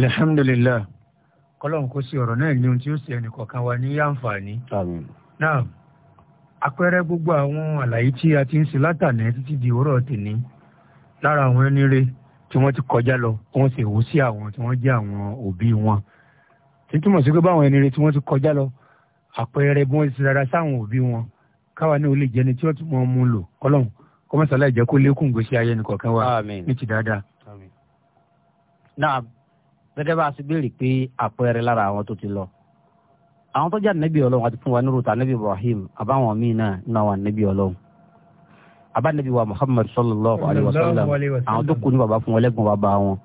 alhamdulillah kọ́lọ́n kó sí ọ̀rọ̀ náà ní ohun tí ó sì ẹnì kọ̀ọ̀kan wa ní àǹfààní. náà àpẹẹrẹ gbogbo àwọn àlàyé tí a ti ń ṣe látàná títí di òwúrọ̀ tèmi lára àwọn ẹni rẹ tí wọ́n ti kọjá lọ wọ́n sì wú sí àwọn tí wọ́n jẹ́ àwọn òbí wọn. títúmọ̀ sí pé báwọn ẹni tí wọ́n ti kọjá lọ àpẹẹrẹ bí wọ́n ti rárá sáwọn òbí wọn káwa náà ó jẹni tí wọ́n ti mọ ọmú lò kọ́lọ́n kọ́mọ́sálà gẹ́gẹ́ bá a sì béèrè pé àpẹẹrẹ lára àwọn tó ti lọ àwọn tó jẹ́ ànábì ọlọ́run àti fún wa nírú ta ànábì Ibrahim àbáwọn míì náà nínú àwọn ànábì ọlọ́run àbá ànábì wa Muhammad sallallahu alayhi àwọn tó kú ní bàbá fún wọn lẹ́gbọ̀n bàbá wọn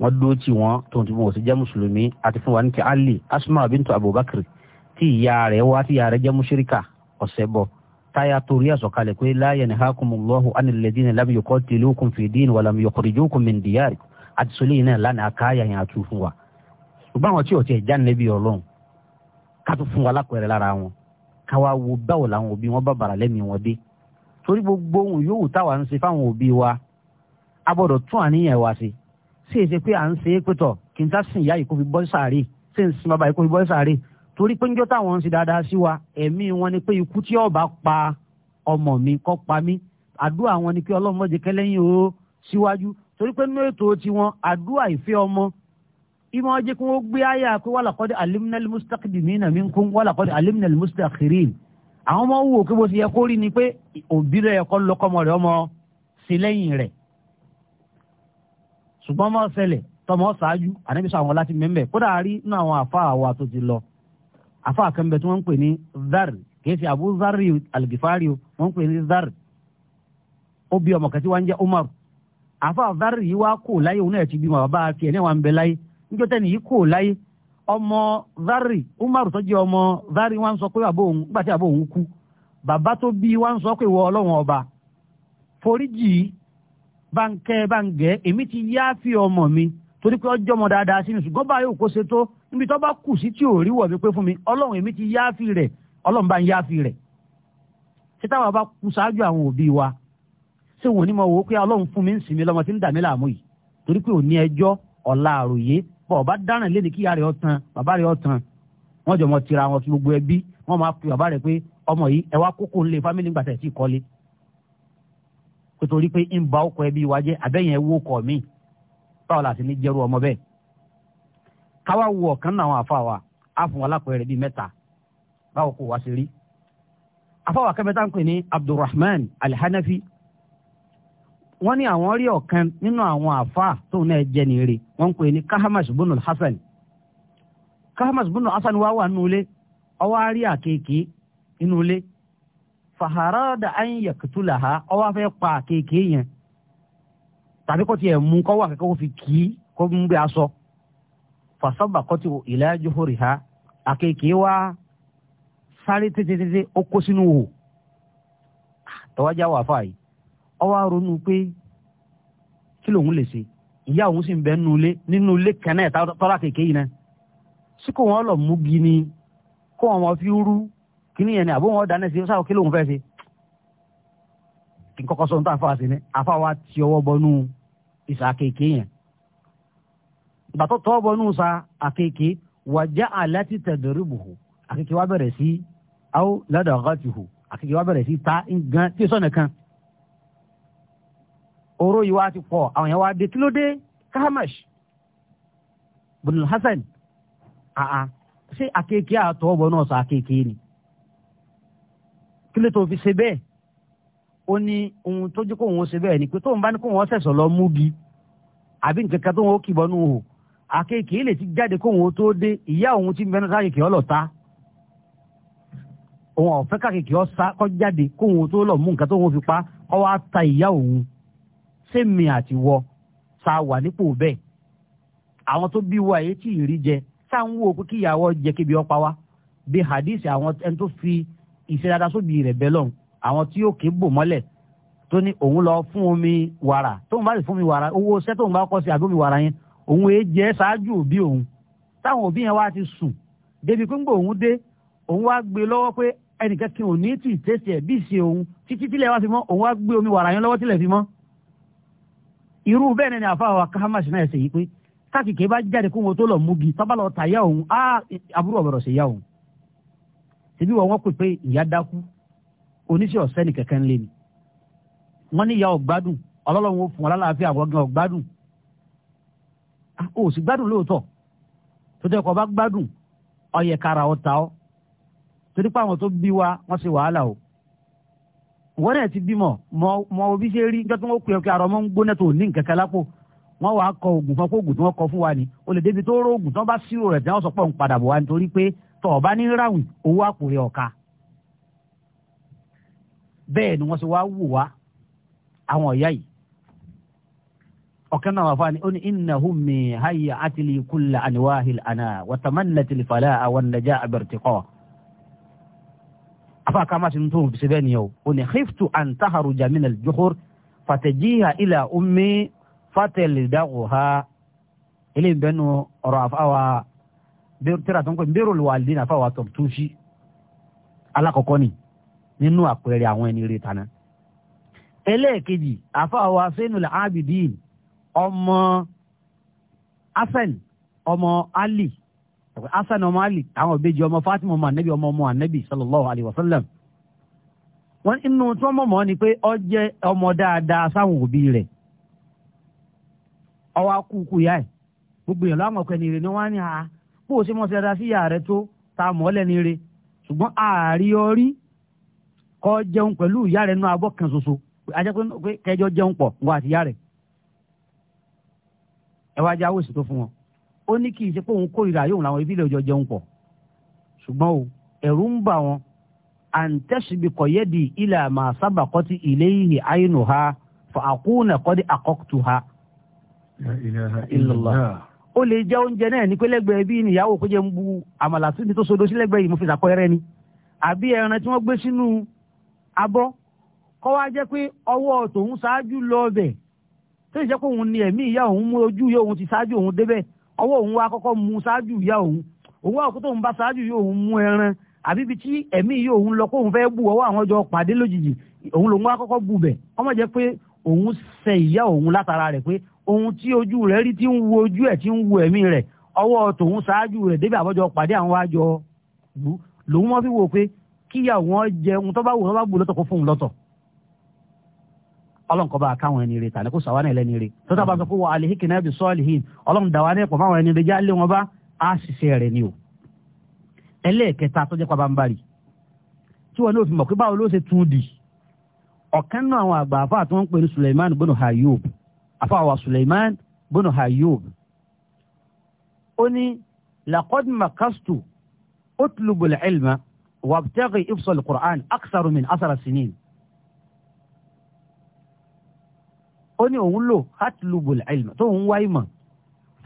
wọn dúró tì wọn tó ń tún wọn sì jẹ́ mùsùlùmí àti fún wa ní ti Ali Asma bintu Abubakar tí ìyá rẹ̀ wá tí ìyá rẹ̀ jẹ́ mùṣírikà ọ̀sẹ̀ bọ̀ táyà torí àsọ̀kalẹ̀ pé la yanhakumullahu anil ladina lam yuqatilukum fi din àti sọlẹ yìí náà lánàá káyà yẹn àtú fún wa ṣùgbọ́n àwọn tí ò tiẹ̀ já nẹ́bí ọlọ́run ká tó fún wa lápẹ̀rẹ̀ lára wọn ká wá wo báwo làwọn òbí wọn bá bàrà lẹ́mìí wọn dé torí gbogbo ohun yòówù táwa ń ṣe fáwọn òbí wa a gbọ́dọ̀ tún àníyàn wa ṣe sí èsè pé à ń ṣe é pétọ̀ kì í sásìn ìyá yìí kó fi bọ́ sàárè sí ń sin bàbá yìí kó fi bọ́ sàárè torí pé njọ́ táwọn ń ṣe dáadáa sí wa ẹ̀mí wọn ni pé ikú tí ọba pa ọmọ mi kọ́ pa mí àdúrà wọn ni pé ọlọ́mọdé kẹlẹ́yìn o síwájú torí pé nínú ètò tiwọn àdúrà ìfẹ́ ọmọ ìmọ̀ ọjẹ́ kí wọ́n gbé ayé àpé wà làkọ́dé alimnal mustaqdimina minkum wà làkọ́dé alimnal mustakhirin àwọn ọmọ wò kí bó ti yẹ kó rí ni pé òbí rẹ̀ ẹ̀kọ́ lọ́kọ́mọ rẹ̀ ọmọ sí lẹ́yìn rẹ̀ ṣùgbọ́n mọ́ ṣẹlẹ̀ tọmọ ṣáájú ànábi sọ àwọn láti mẹ́mẹ́ kódà rí nínú àwọn àfa àwa tó ti lọ àfa àkànbẹ tí wọ́n ń pè ní zar kì àbú zar algifari wọ́n ń pè ní zar ó ọmọ kẹtí wá ń jẹ́ umar afọ a yìí wá kò láyé òun náà ti bímọ bàbá tiẹ̀ náà wà ń bẹ láyé níjọ́ ni yìí kò láyé ọmọ várì umaru tó ọmọ várì wọn ń sọ pé àbó òun gbàtí òun kú bàbá tó bí wọn sọ pé wọ ọba foríjì èmi ti ọmọ mi torí pé ọjọ́ ọmọ dáadáa bá yóò kó ṣe tó níbi tó bá kù sí tí ò rí pé fún mi ọlọ́run èmi ti yá wa ṣé wọn ni mo wò ó pé ọlọ́run fún mi ń sinmi lọ́mọ tí ń dà mí láàmú yìí torí pé òní ẹjọ́ ọ̀la àròyé bọ̀ ọba dáràn lé ní kíyà rẹ̀ ọ̀tàn bàbá rẹ̀ ọ̀tàn wọ́n jọ mọ tira wọn kí gbogbo ẹbí wọ́n máa pe bàbá rẹ̀ pé ọmọ yìí ẹ wá kókó ńlẹ̀ fámìlì gbàtà ẹ̀ tí kọ́lé nítorí pé ń ba ọkọ̀ ẹbí wa jẹ́ àbẹ́yẹn ẹ wó kọ̀ mí báwo la sì ní jẹ́rú ọmọ bẹ́ẹ̀ káwá wo ọ̀kan náà àwọn àfa wa á fún wa lápẹ̀rẹ̀ bíi mẹ́ta wa kẹ́mẹ́ta ń pè ní Al-Hanafi wọ́n ní àwọn rí ọ̀kan nínú àwọn àfáà tó náà jẹ́ nìire wọ́n ń pè ní kahamash bunu hasan kahamash bunu hasan wá wà nínú ilé ọwọ́ rí àkekèé nínú ilé fàhàràdà an yaqtulaha ọwọ́ fẹ́ pa àkekèé yẹn tàbí kò tiẹ̀ mú kọ́wọ́ fi kì í kó aṣọ ti ila juhuriha wá sáré ó wá ronú pé kí lòun lè ṣe ìyá òun sì ń bẹ nínú ilé nínú ilé kẹ́nà tọ́lá kéèké yìí náà sí kò wọ́n lọ mú gi ni kó wọn wọn fi rú kíní yẹn ni àbó wọn dáná sí sáà kí lòun fẹ́ ṣe kí n kọ́kọ́ sọ ní tàfà sí ni àfà wa ti ọwọ́ bọnú ìsà kéèké yẹn gbàtọ́ tọ́ bọnú sa àkéèké wàjá àláti tẹ̀dọ̀rí bùhù àkéèké wa bẹ̀rẹ̀ sí àwọn ládàá ọ̀gá ti hù àkéèké wa bẹ̀rẹ̀ sí ta ń gan tí sọ̀nà kan oró yìí wá ti pọ̀ àwọn yẹn wá dé kí ló dé kahamash bunul hasan àà ṣé àkekèé àtọwọ́bọ náà sọ àkekèé ni kí ló tó fi ṣe bẹ́ẹ̀ ó ní ohun tó jẹ́ kó wọn ṣe bẹ́ẹ̀ ni pé tóun bá ní kó wọn ṣẹ̀ṣọ̀ lọ mú bi àbí nǹkan kan tó wọn ó kì bọ́nú hò àkekèé lè ti jáde kó wọn ó tó dé ìyá òun ti mẹ́nu sáré kì í ọlọ́ta òun ọ̀fẹ́ kàkekèé ọ̀sá kọ́ jáde kó wọn tó lọ mú nǹkan tó wọn fi pa kọ́ wá ta ìyá òun sẹ́mi àti wọ sa wà nípò bẹ́ẹ̀ àwọn tó bí wa yìí tí ì rí jẹ sáà ń wò pé kí ìyàwó jẹ kébi ọ̀pá wa bí hadith àwọn ẹni tó fi ìṣe dáadáa sóbì rẹ̀ bẹ́ẹ̀ lọ́hùn àwọn tí yóò ké bò mọ́lẹ̀ tó ní òun lọ fún omi wàrà tóun bá sì fún mi wàrà owó iṣẹ́ tóun bá kọ́ sí àbí omi wàrà yẹn òun èé jẹ́ ṣáájú òbí òun táwọn òbí yẹn wá ti sùn débi pé ń gbọ́ òun dé òun wá gbé lọ́wọ́ pé ẹnìkan kí òun ní tì tẹ́sí ẹ̀ bí ṣe òun títí tílẹ̀ wá fi mọ́ òun wá gbé omi wàrà yẹn lọ́wọ́ tílẹ̀ fi mọ́ irú bẹ́ẹ̀ ni àfàwà káhámà sí náà ṣe yí pé káàkiri bá jáde kó wọn tó lọ mugi tábàlọ ta yá òun á àbúrò ọ̀bọ̀rọ̀ ya yá òun síbí wọn wọn pè pé ìyá dákú oníṣẹ́ ọ̀sẹ́ ni kẹ̀kẹ́ ń lé ni wọ́n ní ìyá ọ̀gbádùn ọlọ́lọ́run ó fún wọn lálàáfíà àwọ̀gán ọ̀gbádùn ó sì gbádùn lóòótọ́ tó tẹ́ bá gbádùn ọ o. wọ́n náà ti bímọ mọ òbí ṣe rí nígbà tí wọ́n kú ẹ̀kọ́ àrọ́mọ́ ń gbóná tó ní nǹkan kan lápò wọ́n wàá kọ oògùn fún kóògùn tí wọ́n kọ fún wa ni o lè débi tó rọ oògùn tí wọ́n bá sírò rẹ̀ tí wọ́n sọ pé òun padà bọ̀ wá nítorí pé tọ̀ ọ̀bá ní ráwìn owó àpò rẹ̀ ọ̀ka ni wọ́n sì wá wò wá àwọn ọ̀yá yìí ọ̀kan náà wà fún ni ó ní innahu mi hayya atili kulla anwahil ana watamannatil fala nàjà abẹ́rẹ̀tìkọ́ afa kama ti tó fi sebe nìyẹn o o ní khiftu an taharu jamina juhur fatajiha ila ummi fatalidaguha ilé ìbẹnu ọ̀rọ̀ àfáwà tíra tó ń pè bẹ́rù wàlídìí àfáwà Tabtusi alákọ̀ọ́kọ́ ni nínú àpẹẹrẹ àwọn ẹni rè tánà ẹlẹ́ẹ̀kejì àfáwà Zainul Abidin ọmọ Hasan ọmọ Ali asan ọmọ ali a òbejì ọmọ fatima ọmọ anabi ọmọ ọmọ anabi sallallahu alayhi wa sallam wọn inú tí wọn mọ̀mọ́ ni pé ọ jẹ́ ọmọ dáadáa sáwọn òbí rẹ̀ ọwọ́ akúkú yá ẹ̀ gbogbo èèyàn láwọn ọkọ ẹni ni wọ́n ní ha bó o ṣe mọ̀ sí ẹ̀dá sí ìyá rẹ̀ tó ta mọ́ lẹ́ni rẹ̀ ṣùgbọ́n ààrí ọrí kọ́ jẹun pẹ̀lú ìyá rẹ̀ nú abọ́ kan ṣoṣo ajẹ́ pé kẹjọ jẹun pọ̀ wọ́n àti ìyá rẹ̀ tó fún ó ní kì í ṣe pé òun kórìíra yóò làwọn ibi ilé ọjọ́ jẹun o ẹ̀rù ń bà wọn àǹtẹ̀sibikọ̀ yẹ́dì ilẹ̀ ti ilé àyínú ha fa àkúnà kọ́ di ha. o lè jẹ oúnjẹ náà ní pẹ́lẹ́gbẹ̀ẹ́ bí ìyàwó kó bu àmàlà sí ni tó sodo sílẹ̀gbẹ̀ẹ́ yìí mo fi ni àbí ẹran tí wọ́n gbé sínú abọ, wá pé tòun ṣáájú tó òun ni ìyá òun mú ojú yóò òun ti ṣáájú ọwọ́ òun wá kọ́kọ́ mu ṣáájú ìyá òun òun wá òkú tóun bá ṣáájú yóò òun mú ẹran àbí ibi tí ẹ̀mí yóò òun lọ kóun fẹ́ bù ọwọ́ àwọn jọ pàdé lójijì òun lòun wá kọ́kọ́ bù bẹ̀ ọmọ jẹ́ pé òun ṣe ìyá òun látara rẹ̀ pé ohun tí ojú rẹ̀ rí tí ń wo ojú ẹ̀ tí ń wo ẹ̀mí rẹ̀ ọwọ́ tòun ṣáájú rẹ̀ débi àbọ̀jọ pàdé àwọn wájọ lòun wọ́n fi wò pé kíyà wọn jẹ tó bá wò tó bá bù lọ́tọ̀ kó fóun lọ́tọ̀ ọlọ́run kọ́ bá káwọn ẹni rè tàlẹ́kù sàwọn ẹlẹ́ni rè tó tá a bá sọ pé wọ́n alẹ́ hìkì náà bí sọ́ọ̀lì hìn ọlọ́run dàwọn ẹni pọ̀ máwọn ẹni rè já lé wọn bá á ṣiṣẹ́ rẹ̀ ni o. ẹlẹ́ẹ̀kẹta tó jẹ́ pabambarì tí wọn ní òfin mọ̀ pé báwo ló ṣe tún di ọ̀kan náà àwọn àgbà àfa tó ń pè ní Suleiman bonu Hayub àfa wa Suleiman bonu Hayub ó ní laqad makastu utlubu al-ilma wabtaghi ifsal Qur'an aksaru min ó ní òun lò hatlubul ilm tóun wá ìmọ̀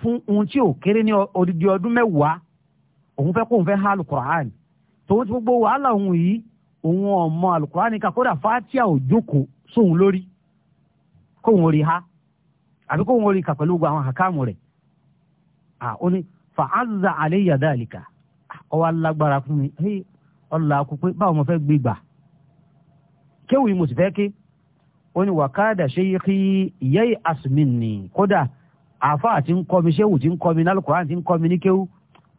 fún ohun tí ò kéré ní odidi ọdún mẹ́wàá òun fẹ́ kóun fẹ́ há alukur'an tòun ti gbogbo wàhálà òun yìí òun ọmọ alukur'an ká fatia ò sóun lórí kóun orí ha àbí kóun orí kà pẹ̀lú gbogbo àwọn àkàmù rẹ̀ ó ní fa'azza alayya fún mi ọ̀là kó pé báwo mo fẹ́ kéwì mo sì fẹ́ ké. oni ní wàkádà yai asmini àsùnmí ni kódà àfa àti nkọmi ṣéwù ti nkọmi nálùkùránì ti nkọmi ní kéwù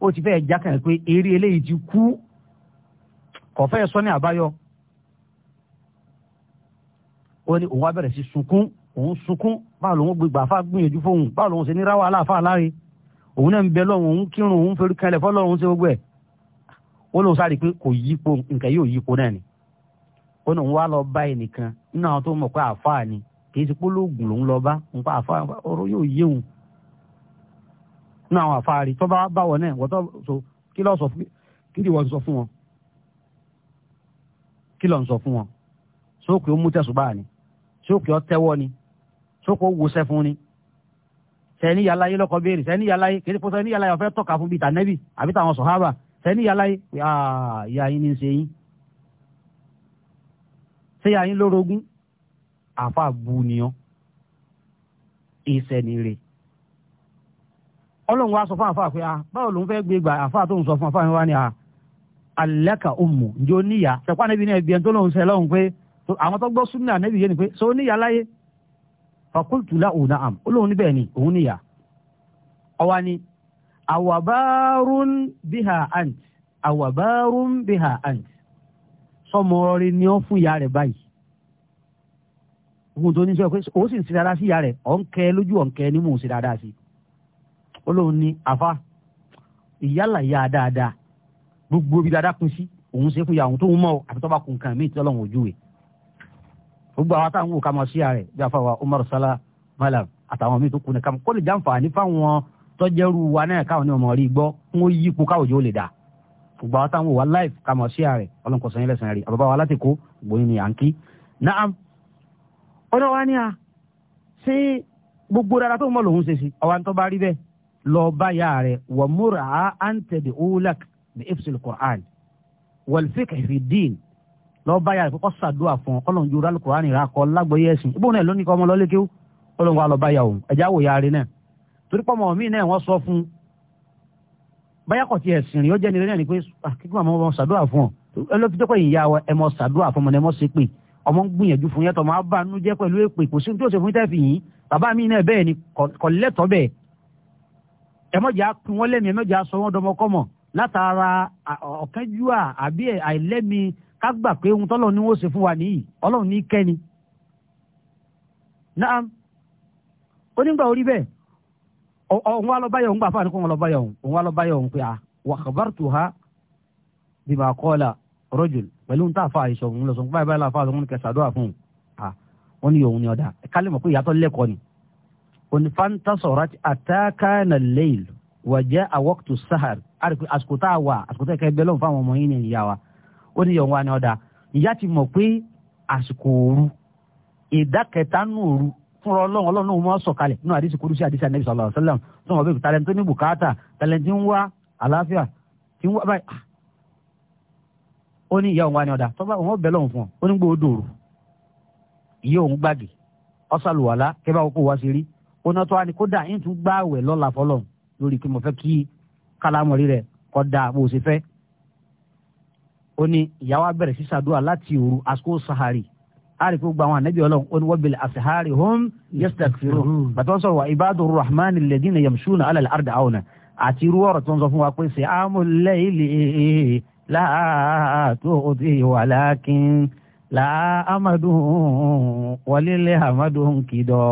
ó ti fẹ́ẹ́ jákàn pé eré eléyìí ti kú kọ̀fẹ́ sọ ní àbáyọ ó ní òun á bẹ̀rẹ̀ sí sunkún òun sunkún báwo lòun gbégbà àfa gbìyànjú fóun báwo lòun ṣe ní ráwà aláàfáà láre òun náà ń bẹ lọ́wọ́ òun kírun òun fẹ́rí kanlẹ̀ fọ́lọ́run òun ṣe gbogbo ẹ̀ ó lóun sáré pé kò yípo nǹkan yóò yípo náà ni ó ní wá lọ bá ẹnìkan nínú àwọn tó mọ̀ pé àáfàá ni kì í ti polóògùn lòún lọ bá ń pa àáfàá ọ̀rọ̀ yóò yé òun nínú àwọn àáfàá rí tọ́ bá báwọ̀ náà wọ́n tọ́ so kí lọ́ọ́ sọ fún kí ni wọ́n sọ fún wọn kí lọ́ọ́ sọ fún wọn sókè ó mú tẹ̀sùbáà ni sókè ó tẹ́wọ́ ni sókè ó wọṣẹ́ fún ni sẹ́ni yàrá lọ́kọ̀ béèrè sẹ́ni yàrá yìí kéde pọ́sẹ́ni yàrá yìí ọ̀fẹ́ tọ́ka fún bíi tànẹ́bì àbí tàwọn sọ̀hábà ṣé àyín lórogún àfa bu nìyàn ìṣẹ̀ni rè ọlọ́run wa sọ fún àfa pé ah báwo lòun fẹ́ gbé gbà àfa tó ń sọ fún àfa wa ni ah alẹ́ka ọmọ njó níyà sẹ́kọ́ anábì náà ẹ̀bìyẹn tó lòun ṣe lọ́hùn pé àwọn tó gbọ́ súnmọ́ anábì yẹn ni pé so níyà láyé fakultula òun am olóhùn níbẹ̀ ni òun níyà ọwa ni àwàbárún bíhà ant àwàbárún bíhà ant sọmọ ọrẹ ni ó fún ìyá rẹ̀ báyìí ohun tó ní sọ pé ó sì ń ṣe dáadáa sí ìyá rẹ̀ ọ̀ ń kẹ́ lójú ọ̀ ń kẹ́ ní mò ń ṣe dáadáa sí ó lóun ní àfa ìyálà ìyá dáadáa gbogbo ibi dáadáa kún sí òun ṣe fún ìyá òun tó mọ àfi tó bá kun kan mí tọ́lọ̀ òjú rẹ̀ gbogbo àwọn táwọn wò ká máa ṣí ààrẹ bí àfa wa Umar Sala Malam àtàwọn míì tó kun ní ká kó lè jàǹfààní fáwọn tọ́jẹ́rú wa náà káwọn ní ọmọ rí gbọ́ ń yípo káwọ́jọ́ lè dáa gbogbo àwọn táwọn wà live ká mọ̀ sí ààrẹ ọlọ́nkọ̀ sọ yín lẹ́sàn rí àbábá wa láti kó gbòyìn ni à ń kí. naam ọ̀dọ̀ wa ni a ṣé gbogbo dára tó mọ̀ lòun ṣe sí àwa tó bá rí bẹ́ẹ̀ lọ bá yà rẹ̀ wà múra à ń tẹ̀lé ulak bí ifsil quran wal fiqh fi din lọ bá yà rẹ̀ kọ́kọ́ sàdúrà fún ọlọ́run ju rálù quran rà kọ́ lágbóyè ẹ̀sìn ibò náà lónìí kọ́ ọmọ lọ́lẹ́kẹ́ ọlọ́run wa lọ bá yà òun ẹ̀já wò yà rẹ̀ náà torí pọ́ mọ̀ mí náà wọ́n sọ fún báyà kọ̀ tiẹ̀ sìn rí ó jẹ́ nílẹ̀ náà ni pé ah, kíkún àmọ́ ọmọ ṣàdúrà fún ọ ẹlọ́fíjọ́pọ̀ ìyá wa ẹ mọ ṣàdúrà fún ọmọ ẹ mọ ṣe pé ọmọ ń gbìyànjú fún yẹtọ̀ máa bá nu jẹ́ pẹ̀lú èpè kò sí ní tí ó ṣe fún yín tẹ́fì yín bàbá mi náà bẹ́ẹ̀ ni kò lẹ́tọ̀ọ́ bẹ́ẹ̀ ẹ mọ̀jà pin wọ́n lẹ́mìí ẹ mọ̀jà sọ wọ́n dọmọkọ́mọ̀ látara ọ̀kánjúà àbí àìlẹ́mi ká gbà pé ohun tọ́lọ́ ni wọ́n ṣe òun wá lọ báyọ̀ òun gbà fáwọn kó wọn lọ báyọ̀ òun wá lọ báyọ̀ òun pé à wà kàbárùtùhà bíbà kọ́ọ̀là rọ́jùl pẹ̀lú nta fa àìsàn òun lọ sọ báyìí báyìí láfa àwọn kẹsà dọ́wà fún un à wọ́n ní òun ní ọ̀dà kálí mọ̀ pé ìyàtọ̀ lẹ́kọ̀ọ́ ni òní fanta sọ̀rọ̀ àtàkànà lẹ́yìn wàjẹ́ àwọ̀kùtù sahar àsìkò tá a wà àsìkò tá a ni ìyá wa ó ní ìyọ̀n wa ní ọ̀dà ìyá fúnra ọlọ́run ọlọ́run náà wọ́n sọ̀kalẹ̀ nínú àdìsí kúrú sí àdìsí ànẹ́bí sallallahu alaihi wasallam tó wọ́n bẹ̀rù tàlẹ́ntì ní bùkátà tàlẹ́ntì ń wá àlàáfíà tí ń wá báyìí ah. ó ní ìyá òun wá ní ọ̀dà tó bá òun bẹ̀ lọ́hùn fún ọ ó ní gbòó dòrò ìyá òun gbàgì ọ̀sàlùwàlá kẹ́ bá kó wá sí rí ó ná tó wá ní kódà ń tún gbààwẹ̀ lọ́la fọlọ́n lórí kí mo fẹ́ sahari àrí fún gbàwọn ànábì ọlọ́run ó ní mm-hmm. wọ́n bẹ̀rẹ̀ àṣehárì hom yẹ́sítàkìrò bàtọ́ sọ̀rọ̀ wa ibadu rahman lẹ́dínà yamshuna alal arda awna àti irú ọ̀rọ̀ tó ń sọ fún wa pé ṣe àmúlẹ́ìlì láàtó òdì wàlákin láàmàdùn wọlélẹ̀ àmàdùn kìdọ̀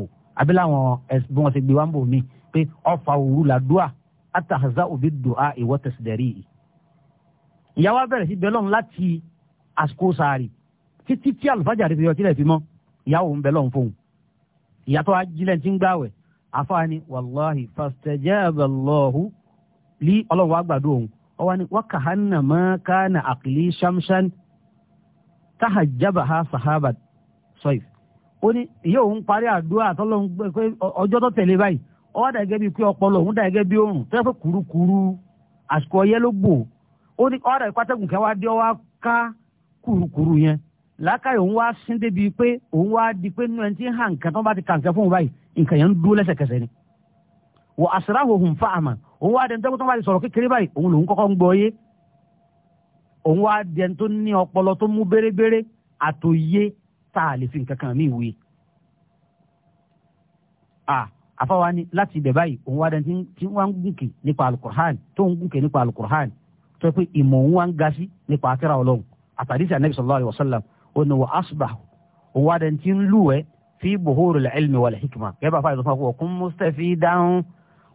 ò abiláwọn ẹ̀sìn bí ti gbé wá bò mí pé ọfà òru làdúà àtàhàzà òbí dùà ìwọ́ tẹ̀sídẹ̀rì ìyàwó títí tí àlùfájà rẹ fi yọ fi mọ́ ìyàwó ń bẹ lọ́hùn fóun ìyàtọ̀ ajílẹ̀ ti ń gbàwẹ̀ ni wàláhì fastajaba Allahu lí ọlọ́run wá gbàdo òun ni wọ́n kà hánà mọ́ kánà àkìlí ṣamṣan tahajjaba ha sahaba sọ́yìf ó ní ìyá òun parí àdúrà tọ́lọ́run pé ọjọ́ tó tẹ̀lé báyìí ọwọ́ dàgẹ́ bíi pé ọpọlọ òun dàgẹ́ bíi òrùn tẹ́ kúrúkúrú àsìkò ló gbò ó ní dàgẹ́ kẹwàá dé ká kúrúkúrú yẹn làákàyè òun wá sín débi pé òun wá di pé nínú ẹni tí ń hàn nǹkan tó bá ti kàǹkẹ́ fún òun báyìí nǹkan yẹn ń dúró lẹ́sẹ̀kẹsẹ̀ ni. wò àṣírà òhun fa àmà òun wá dẹni tó bá ti sọ̀rọ̀ kékeré báyìí òun lòun kọ́kọ́ ń gbọ́ yé. òun wá dẹni tó ní ọpọlọ tó mú bérebére àtòyé tá a lè fi nǹkan kan míì wuyì. a àfáwa ni láti ibẹ̀ báyìí òun wá dẹni tí wọ́n ń gùnkè nípa alukur'an òní wà asùbà òun wá dẹni tí ń lù ẹ́ fi buhurul ilmi wal hikma gẹ́gẹ́ bá fàyè sọ́kọ́ kún mustafidan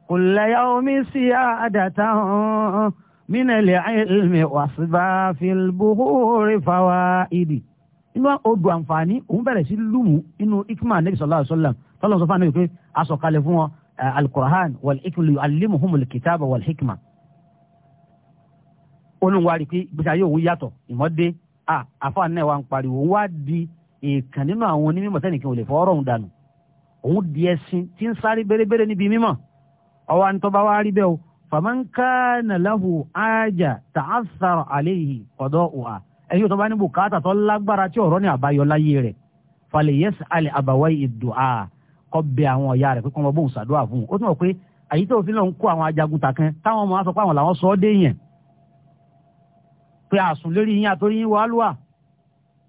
kulla yawmi siyadatan minal ilmi wasba fil buhuri fawaidi inú odò àǹfààní òun bẹ̀rẹ̀ sí lùmù inú ikma nabi sallallahu alaihi wasallam tọ́lọ́ sọ fún àná wípé asọ̀kalẹ̀ fún wọn alquran wal ikma yuallimuhumul kitaba wal hikma olùwárí pé gbèsè ayé òun yàtọ̀ ìmọ̀dé à àfáà náà wà ń pariwo wá di èèkàn nínú àwọn onímọ̀ sẹ́nìkan ò lè fọ́ ọ̀rọ̀ òun dànù òun di ẹṣin tí ń sáré bérebére níbi mímọ̀ ọwọ́ àǹtọ́ bá rí bẹ́ẹ̀ o faman kana lahu ájà ta'athar alayhi qada'uha ẹ̀yin tó bá ní tó lágbára tí ọ̀rọ̀ ní àbáyọ rẹ̀ falẹ̀ yẹ́s alẹ́ àbáwá ìdùá pé àsùn lórí yín àtòrí yín wàá lùwà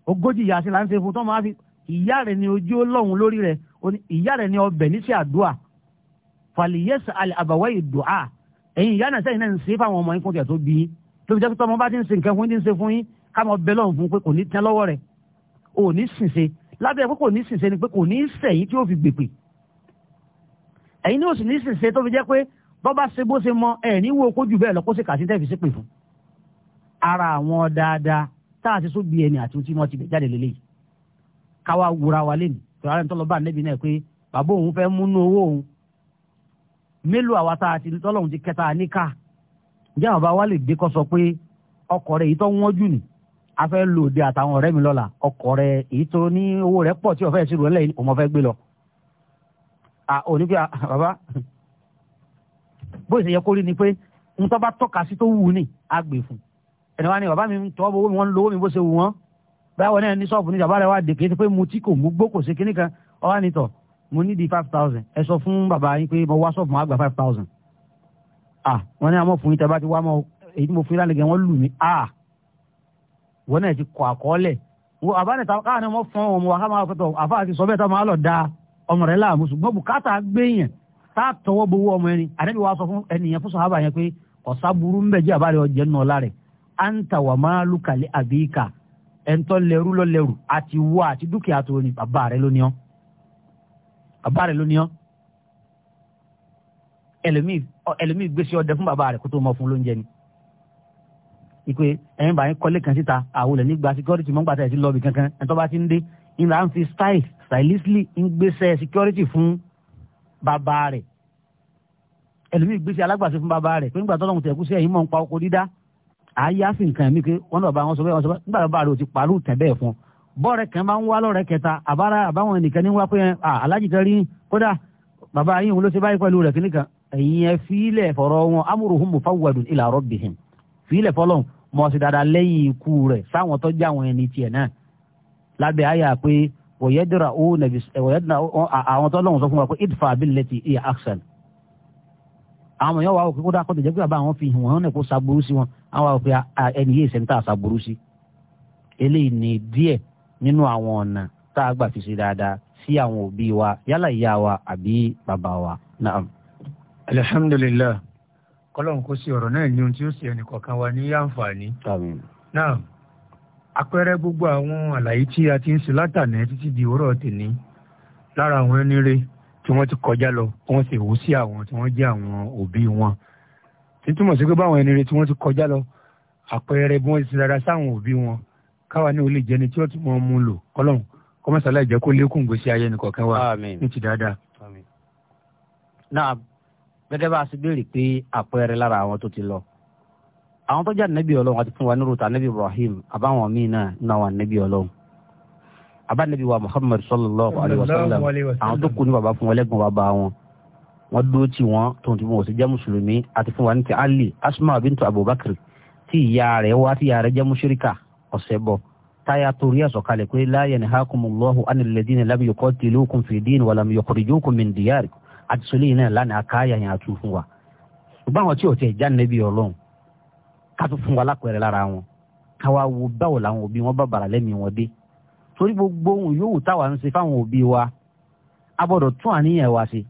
ogójì ìyá sí là fún tó máa ìyá rẹ̀ ni ojú ọlọ́run lórí rẹ̀ ìyá rẹ̀ ni ọbẹ̀ níṣẹ́ àdúà fàlìyẹ́sì àbàwẹ́ ìdùà ẹ̀yin ìyá náà sẹ́yìn náà ń ṣe fáwọn ọmọ yín fún tẹ̀ tó bí yín lóbi jẹ́ pé tọ́mọ bá ti ń ṣe nǹkan fún yín ti ń ṣe fún yín káwọn bẹ lọ́run fún pé kò ní tẹ́ lọ́wọ́ rẹ̀ ò ní sìnṣe lábẹ́ pé kò ní sìnṣe ni pé kò ní sẹ̀yìn tí ó fi gbèpè ẹ̀yin ní òsì ní sìnṣe tó fi jẹ́ pé bọ́ bá ṣe bó ṣe mọ ẹ̀ ní wo kójú bẹ́ẹ̀ lọ kó ṣe kà tẹ́ fi ṣépè fún un ara àwọn dáadáa tá a ti sún bí ẹni àti tí wọ́n ti bẹ̀ jáde lélẹ́yìí káwa wura wa lẹ́nu tọ́lá ní tọ́lọ́ bá nẹ́bí náà pé bàbá òun fẹ́ múnú owó òun mélòó àwa tá a ti tọ́lọ́hún ti kẹta níkà ǹjẹ́ àwọn wa lè dé kọ́ sọ pé ọkọ̀ rẹ̀ èyí tó wọ́n jù ní a fẹ́ lò dé àtàwọn ọ̀rẹ́ mi lọ́la ọkọ̀ rẹ̀ èyí tó ní owó rẹ̀ pọ̀ tí ọ̀fẹ́ ìṣirò ẹlẹ́yìn òun ọ̀fẹ́ gbé lọ. òní pé ah, bàbá bó ṣe yẹ ni pé ń tọ́ bá tọ́ka sí tó wù ní àgbè fún un ẹni wá ní bàbá mi tọ́ bó wọn lówó mi bó ṣe wù wọ́n báwo náà ní sọ́ọ̀bù ní bàbá rẹ̀ wá dè kí pé mo tí kò mú gbó kò ṣe kíní kan ni tọ̀ mo ní di five thousand ẹ sọ fún bàbá yín pé mo wá sọ́ọ̀bù mo gba five thousand ah wọn ní àmọ́ fún yín tẹ́bá ti wá mọ́ èyí tí mo fún yín lálẹ́ gẹ̀ wọ́n lù mí ah wọn náà ti kọ́ àkọọ́lẹ̀ àbánitá káà ni wọ́n fún ọmọ wa ká máa da ọmọ rẹ̀ láàmú ṣùgbọ́n bùkátà gbẹ̀yìn tá a tọwọ́ bowó ọmọ ẹni àdébí wa sọ fún ẹnìyẹn fún sọ̀hábà yẹn pé ọ̀sá burú anta wa maluka li abika ẹ̀ńtọ́ lẹ́rú lọ lẹ́rú àti wọ àti dúkìá tó ní bàbá rẹ̀ lónìí ọ́ bàbá rẹ̀ lónìí ọ́ ẹlòmíì ẹlòmíì gbèsè ọdẹ fún bàbá rẹ̀ kó tó mọ fún lóúnjẹ ni ìpè ẹ̀yin bàyín kọ́lé kan síta àwọn nígbà security mọ́ gbàtà ẹ̀sìn lọ́ọ̀bì kankan ẹ̀ńtọ́ bá ti ń dé ìlà ń fi style stylishly ń gbèsè security fún bàbá rẹ̀ ẹlòmíì gbèsè alágbàṣe fún bàbá rẹ̀ pé nígbà tó lọ́hùn tẹ̀kú sí ẹ̀yìn mọ̀ ń pa oko dídá àyà sí nǹkan mi pé wọn náà bá wọn sọ bẹ́ẹ̀ wọn sọ bẹ́ẹ̀ nígbà tó bá rẹ o ti pàrọ̀ tẹ̀ fún bọ́ọ̀rẹ́ kan bá ń wá lọ́rẹ́ kẹta àbára àbáwọn ẹnìkan ní wá pé alájì kan rí kódà bàbá yín ló ṣe báyìí pẹ̀lú rẹ̀ kíní kan ẹ̀yin ẹ wọn ikú sáwọn àwọn àwọn òfin ẹni yìí sẹ́ńtà àṣàbùrú sí eléyìí ni díẹ̀ nínú àwọn ọ̀nà tá a gbà fi ṣe dáadáa sí àwọn òbí wa yálà ìyá wa àbí bàbá wa naam. alhamdulilayi kọ́lọ́n kó sí ọ̀rọ̀ náà ní ohun tí ó sì ẹnìkọ̀ọ̀kan wa ní àǹfààní. náà àpẹẹrẹ gbogbo àwọn àlàyé tí a ti ń ṣe látàná títí di òwúrọ̀ tèmi lára àwọn ẹni rẹ tí wọ́n ti kọjá lọ wọ́n sì wú sí àwọn tí wọ́n jẹ́ àwọn òbí wọn títúmọ̀ sí pé báwọn ẹni rẹ tí wọ́n ti kọjá lọ àpẹẹrẹ bí wọ́n ti rárá sáwọn òbí wọn káwa ní olè jẹni tí wọ́n ti mọ̀ mú lò kọ́lọ́n kọ́mọ́sálá ìjẹ́ kó lékún gbèsè ayé nìkọ̀kẹ́ wa ní ti dáadáa. náà gẹ́gẹ́ bá a ṣe béèrè pé àpẹẹrẹ lára àwọn tó ti lọ àwọn tó jẹ́ ànábì ọlọ́run àti fún wa ní ruta ànábì Ibrahim àbáwọn míì náà nínú àwọn ànábì ọlọ́run àbá ànábì wa Muhammad sallallahu alayhi wa sallam àwọn tó kù ní bàbá fún wọn lẹ́gbọ̀n bàbá wọn wọ́n dúró tì wọ́n tóun ti mọ̀ sí jẹ́ mùsùlùmí àti fún wa ní ti ali asma bintu abubakar tí ìyá rẹ̀ wá tí ìyá rẹ̀ jẹ́ mùṣírìkà ọ̀sẹ̀ bọ̀ táyà torí àsọ̀kalẹ̀ pé la yanhakumullahu anil ladina lam yuqatilukum fi din wa lam yukhrijukum min diyarikum àti sọlẹ́ yìí náà lánàá káyà yẹn àtú fún wa ṣùgbọ́n àwọn tí ò tẹ̀ já nẹ́bí ọlọ́run ká fún wa lápẹ̀rẹ̀ lára wọn káwa wo báwo làwọn òbí wọn bá bàrà lẹ́mìí wọn dé torí gbogbo ohun yòówù táwa ń ṣe fáwọn òbí wa a tún àníyàn wa ṣe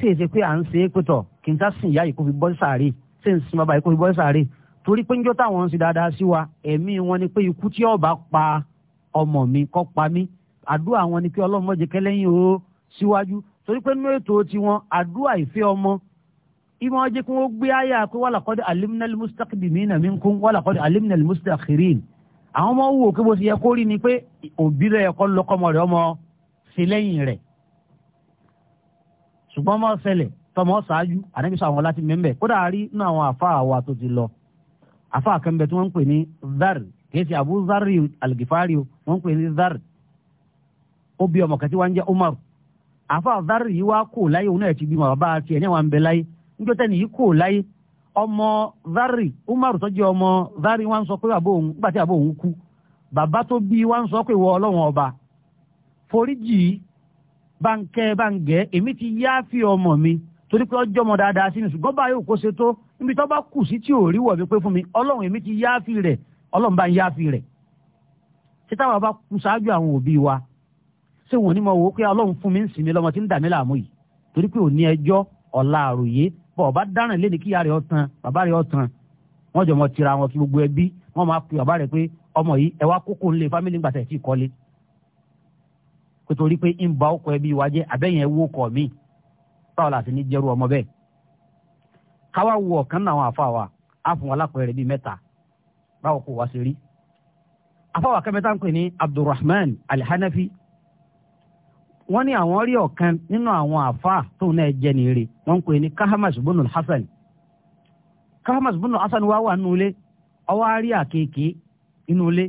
tí èsì pé à ń ṣe é pétọ̀ kì í ká sìn ìyá yìí kó fi bọ́ sàárè tí ń sin bàbá yìí kó fi bọ́ sàárè torí pé níjọ́ táwọn ń ṣe dáadáa sí wa ẹ̀mí wọn ni pé ikú tí ọba pa ọmọ mi kọ́ pa mí àdúrà wọn ni pé ọlọ́run mọ̀jẹ̀ kẹlẹ́yìn o síwájú torí pé nínú ètò tiwọn àdúrà ìfẹ́ ọmọ ìmọ̀ ọjẹ́ kí wọ́n gbé ayé àpé wà làkọ́dé alimnal mustaqdimina minkum wà làkọ́dé alimnal mustakhirin àwọn ọmọ wò kí bó ti yẹ kó ni pé òbí rẹ̀ ẹ̀kọ́ lọ́kọ́mọ rẹ̀ ọmọ sí lẹ́yìn rẹ̀ ṣùgbọ́n mọ́ ṣẹlẹ̀ tọmọ ṣáájú ànábi sọ àwọn láti mẹ́mbẹ̀ kódà rí nínú àwọn afọ àwa tó ti lọ àfa àkànbẹ tí wọ́n ń pè ní zar kìí ṣe àbú zari algifari wọ́n ń pè ní zar ó bí ọmọ kẹtí wa ń jẹ́ umar zar yìí wá kò láyé òun náà ti bímọ bàbá tiẹ̀ ní àwọn láyé níjọ́ tẹ́ni yìí kò láyé ọmọ umar ọmọ wá ń sọ pé òun wọ ọba foríjì báńkẹ́ báńgẹ́ èmi ti yá fi ọmọ mi torí pé ọjọ́ ọmọ dáadáa sí mi ṣùgbọ́n báyìí ò kó ṣe tó níbi tó bá kù sí tí ò rí wọ̀ mi pé fún mi ọlọ́run èmi ti yá fi rẹ̀ ọlọ́run bá ń yá fi rẹ̀ ṣé táwa bá kú ṣáájú àwọn òbí wa ṣé wọn ní mo wò ó pé ọlọ́run fún mi ń sinmi lọ́mọ tí ń dà mí láàmú yìí torí pé òní ẹjọ́ ọ̀la àròyé bọ̀ ọba dáràn lé ní kíyà rẹ̀ ọ̀tàn nítorí pé ń ba ọkọ̀ ẹbí wa jẹ́ abẹ́yẹn wó kọ̀ mí báwo la sì ní jẹ́rú ọmọ bẹ́ẹ̀. káwá wo ọ̀kan náà àfa wa á fún wa lápẹẹrẹ bíi mẹ́ta báwo kò wá sí rí. àfa wa kẹ́mẹ́ta ń pè ní Abdulrahman Al-Hanafi wọ́n ní àwọn rí ọ̀kan nínú àwọn àfa tóun náà jẹ́ nìire wọ́n ń pè ní Kahmas bunu Hasan Kahmas bunu Hasan wá wà nínú ilé ọwọ́ á rí àkekèé inú ilé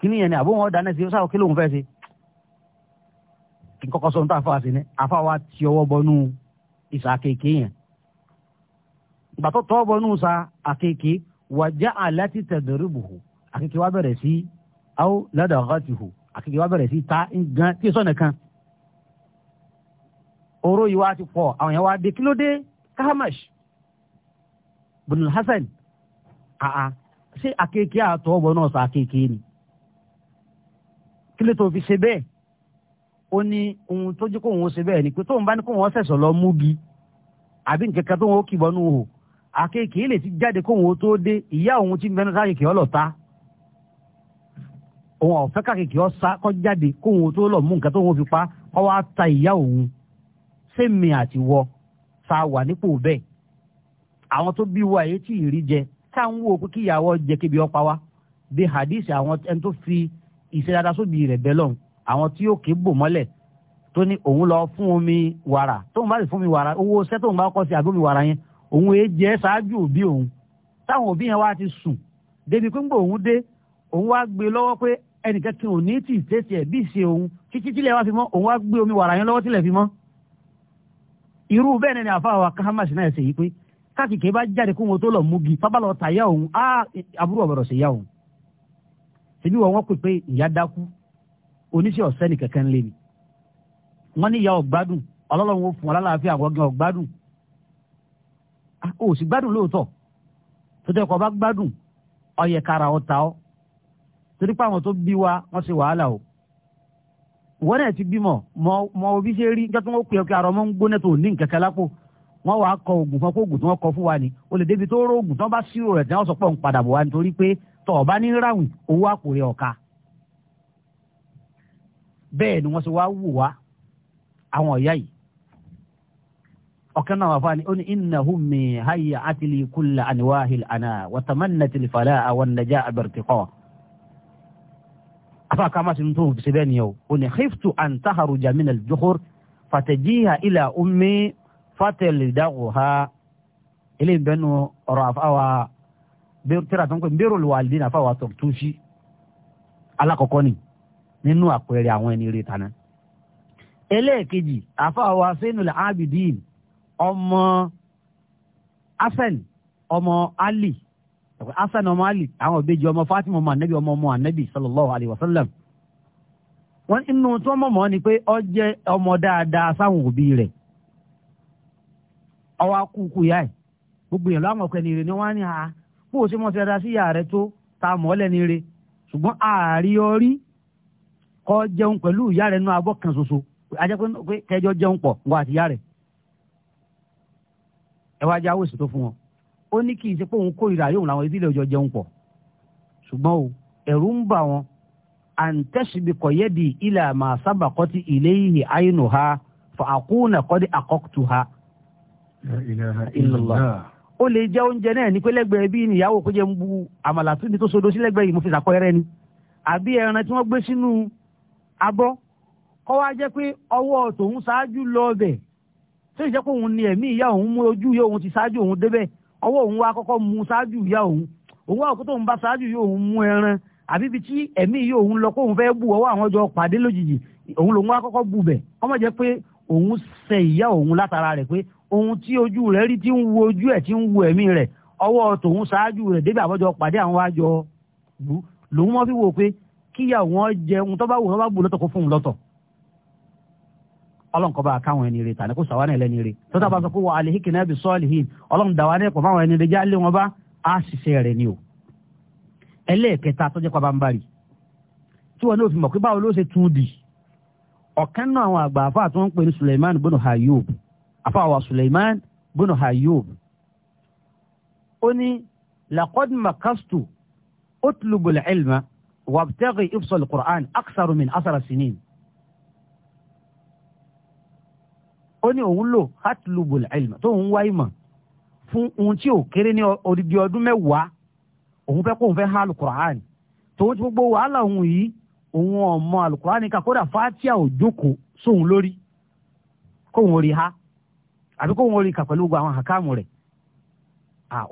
Kini yẹn ni àbó wọn dáná sí ó sáwọ kí lóun fẹ́ ṣe kí n kọ́kọ́ sọ ohun tó àfa ṣe ni àfa wa ti ọwọ́ bọnú ìsà kéèké yẹn ìgbà tó tọ́ bọnú sa àkéèké wàjá àláti tẹ̀dọ̀rì bùhù àkéèké wa bẹ̀rẹ̀ sí áwò ládàgàtì hù àkéèké wa bẹ̀rẹ̀ sí ta nǹkan tí sọ̀nà kan oró yìí wá ti pọ̀ àwọn yẹn wá dé kí ló dé kahamash bunul hasan àà ṣé àkéèké àtọ́ bọnú ọ̀sà àkéèké ni kí ló tó fi ṣe bẹ́ẹ̀ ó ní ohun tó jẹ́ kóun ó ṣe bẹ́ẹ̀ ni pé tóun bá ní kóun ó ṣẹ̀ṣọ̀ lọ mú bi àbí nǹkan kan tóun ó kì bọ́nú hò àkekèé lè ti jáde kóun ó tó dé ìyá òun ti mẹ́nu sáyè kì òun ọ̀fẹ́ kàkèké ọ̀sá kọ́ jáde kóun ó tó lọ mú nǹkan tóun ó fi pa kọ́ wá ta ìyá òun sẹ́mi àti wọ sa wà nípò bẹ́ẹ̀ àwọn tó bí wa èyí tí ì rí jẹ ìṣẹ̀dáda sóbì rẹ̀ bẹ́ẹ̀ lọ́n àwọn tí yóò ké bò mọ́lẹ̀ tó ní òun lọ fún omi wàrà tóun bá sì fún mi wàrà owó iṣẹ́ tóun bá kọ́ sí àbí omi wàrà yẹn òun èé jẹ́ ṣáájú òbí òun táwọn òbí yẹn wá ti sùn débi pé ńgbò òun dé òun wá gbé lọ́wọ́ pé ẹnìkan kí ní tì tẹ́sí ẹ̀ bí ìṣe òun títí tílẹ̀ wá fi mọ́ òun wá gbé omi wàrà yẹn lọ́wọ́ tílẹ̀ fi mọ́ irú bẹ́ẹ̀ ni àfa wa káhámàsì náà ṣe yí pé káàkiri kì í bá jáde kó wọn tó lọ mú gi fábàlọ́ tàyà òun á àbúrò ọ̀bọ̀rọ̀ ṣèyà òun ṣebí wọn wọ́n pè pé ìyá dákú oníṣẹ́ ọ̀sẹ́ ni kẹ̀kẹ́ ń lé ni wọ́n ní ìyá ọ̀gbádùn ọlọ́run wo fún ọlálàáfíà àwọ̀gán ọ̀gbádùn ó ah, sì gbádùn lóòótọ́ tó tẹ́ kọ́ bá gbádùn ọyẹ kára ọ̀tá ọ́ torí pé àwọn tó bí wa wọ́n ṣe wàhálà o wọ́n náà ti bímọ mọ òbí ṣe rí nígbà tí wọ́n pè ọ́ kí ara ń gbóná tó ní nǹkan lápò wọ́n wàá kọ oògùn kan kó oògùn tí wọ́n kọ fún wa ni o débi tó rọ oògùn tí wọ́n bá tọ̀ ọ̀bá ní ráwì owó àpòrẹ́ ọ̀ka bẹ́ẹ̀ ni wọ́n ṣe wá wò wá àwọn ọ̀yá yìí ọ̀kan náà wà fáni ó ní innahum mi hayya atili kulla anwahil ana watamannati lifala awan naja abirtiqa afa kama sin to se ben yow ó ní an taharuja min al juhur fatajiha ila ummi fataldaghha ilin benu rafawa tíra tó ń pè mbérò lè wà lè nà fáwọn àtọ̀ tó sí alákọ̀ọ́kọ́ ni nínú àpẹẹrẹ àwọn ẹni rè tánà. ẹlẹ́ẹ̀kejì àfáwọn Zainul Abidin ọmọ Hasan ọmọ Ali Hasan ọmọ Ali àwọn òbejì ọmọ Fatima ọmọ anabi ọmọ ọmọ anabi sallallahu alayhi wa sallam wọn inú tí wọn mọ̀mọ́ ni pé ó jẹ́ ọmọ dáadáa sáwọn òbí rẹ̀ ọwọ́ akúkú yá ẹ̀ gbogbo yẹn lọ́wọ́ ha bó o ṣe mọ̀ ṣẹ̀dá sí ìyá rẹ tó ta mọ́ lẹ́ni re ṣùgbọ́n ààrí ọrí kọ́ jẹun pẹ̀lú ìyá rẹ nú abọ́ kan ṣoṣo ajẹ́ pé kẹjọ jẹun pọ̀ wọ àti ìyá rẹ ẹ wá jẹ́ àwòsàn tó fún wọn ó ní kì í ṣe pé òun kórìíra yóò làwọn ìdílé ọjọ́ jẹun pọ̀ ṣùgbọ́n o ẹ̀rù ń bà wọn àǹtẹ̀sibikọ̀ yẹ́dì ilẹ̀ àmà sábàkọ́ ti ilé ìhì àyínú ha fàákùnà kọ́ di àkọ́kùtù ha. ilẹ̀ ilẹ̀ ilẹ̀ ó lè jẹ́ oúnjẹ náà ní pé lẹ́gbẹ̀ẹ́ bí ìyàwó kó jẹ́ ń bu àmàlà tó ní tó sodo sí lẹ́gbẹ̀ẹ́ yìí mo fi ṣàpẹẹrẹ ni àbí ẹran tí wọ́n gbé sínú abọ́ kọ́ wá jẹ́ pé ọwọ́ tòun ṣáájú lọ ọbẹ̀ tó ìjẹ́ pé òun ni ẹ̀mí ìyá òun mú ojú yóò òun ti ṣáájú òun débẹ̀ ọwọ́ òun wá kọ́kọ́ mu ṣáájú ìyá òun òun wá òkú tóun bá ṣáájú yóò òun mú ẹran àbí ibi tí ẹ̀mí yóò òun lọ kóun fẹ́ bù ọwọ́ àwọn ọjọ́ pàdé lójijì òun lòun wá kọ́kọ́ bù bẹ̀ ọmọ jẹ́ pé òun ṣe ìyá òun látara rẹ̀ pé ohun tí ojú rẹ̀ rí tí ń wo ojú ẹ̀ tí ń wo ẹ̀mí rẹ̀ ọwọ́ tòun ṣáájú rẹ̀ débi àbọ̀jọ pàdé àwọn àjọ bù lòun mọ́ fi wò pé kíyà wọn jẹ ohun tó bá wù wọn bá bù lọ́tọ̀ kó fún un lọ́tọ̀ ọlọ́run bá káwọn ẹni rè tàní kó sàwọn ẹni rè tó tá sọ pé wà àlè hìkìnà ẹbí sọ́ọ̀lì hìn ọlọ́run dàwa ní ẹ̀pọ̀ fáwọn ẹni rè já lé wọn bá á ṣiṣẹ́ rẹ̀ ni o ẹlẹ́ẹ̀kẹta tó jẹ́ pabambarì tí wọn náà fi mọ̀ pé báwo ló ṣe tún dì ọ̀kan náà àwọn àgbà àfáà tó ń pè ní Suleiman bono Hayub afáwà Suleiman bùnú Ayub ó ní laqad makastu utlubul ilma wabtaghi ifsal Qur'an aksaru min asara sinin ó ní òun lò utlubul ilma tó ń wá ìmọ̀ fún ohun tí ò kéré ní odidi ọdún mẹ́wàá òun fẹ́ kóun fẹ́ há alukur'an tòun ti gbogbo wàhálà òun yìí òun ọmọ alukur'an kà kódà fatia ò jókòó lórí kóun rí ha àbí kó wọn rí kà pẹ̀lú gbogbo àwọn àkàmù rẹ̀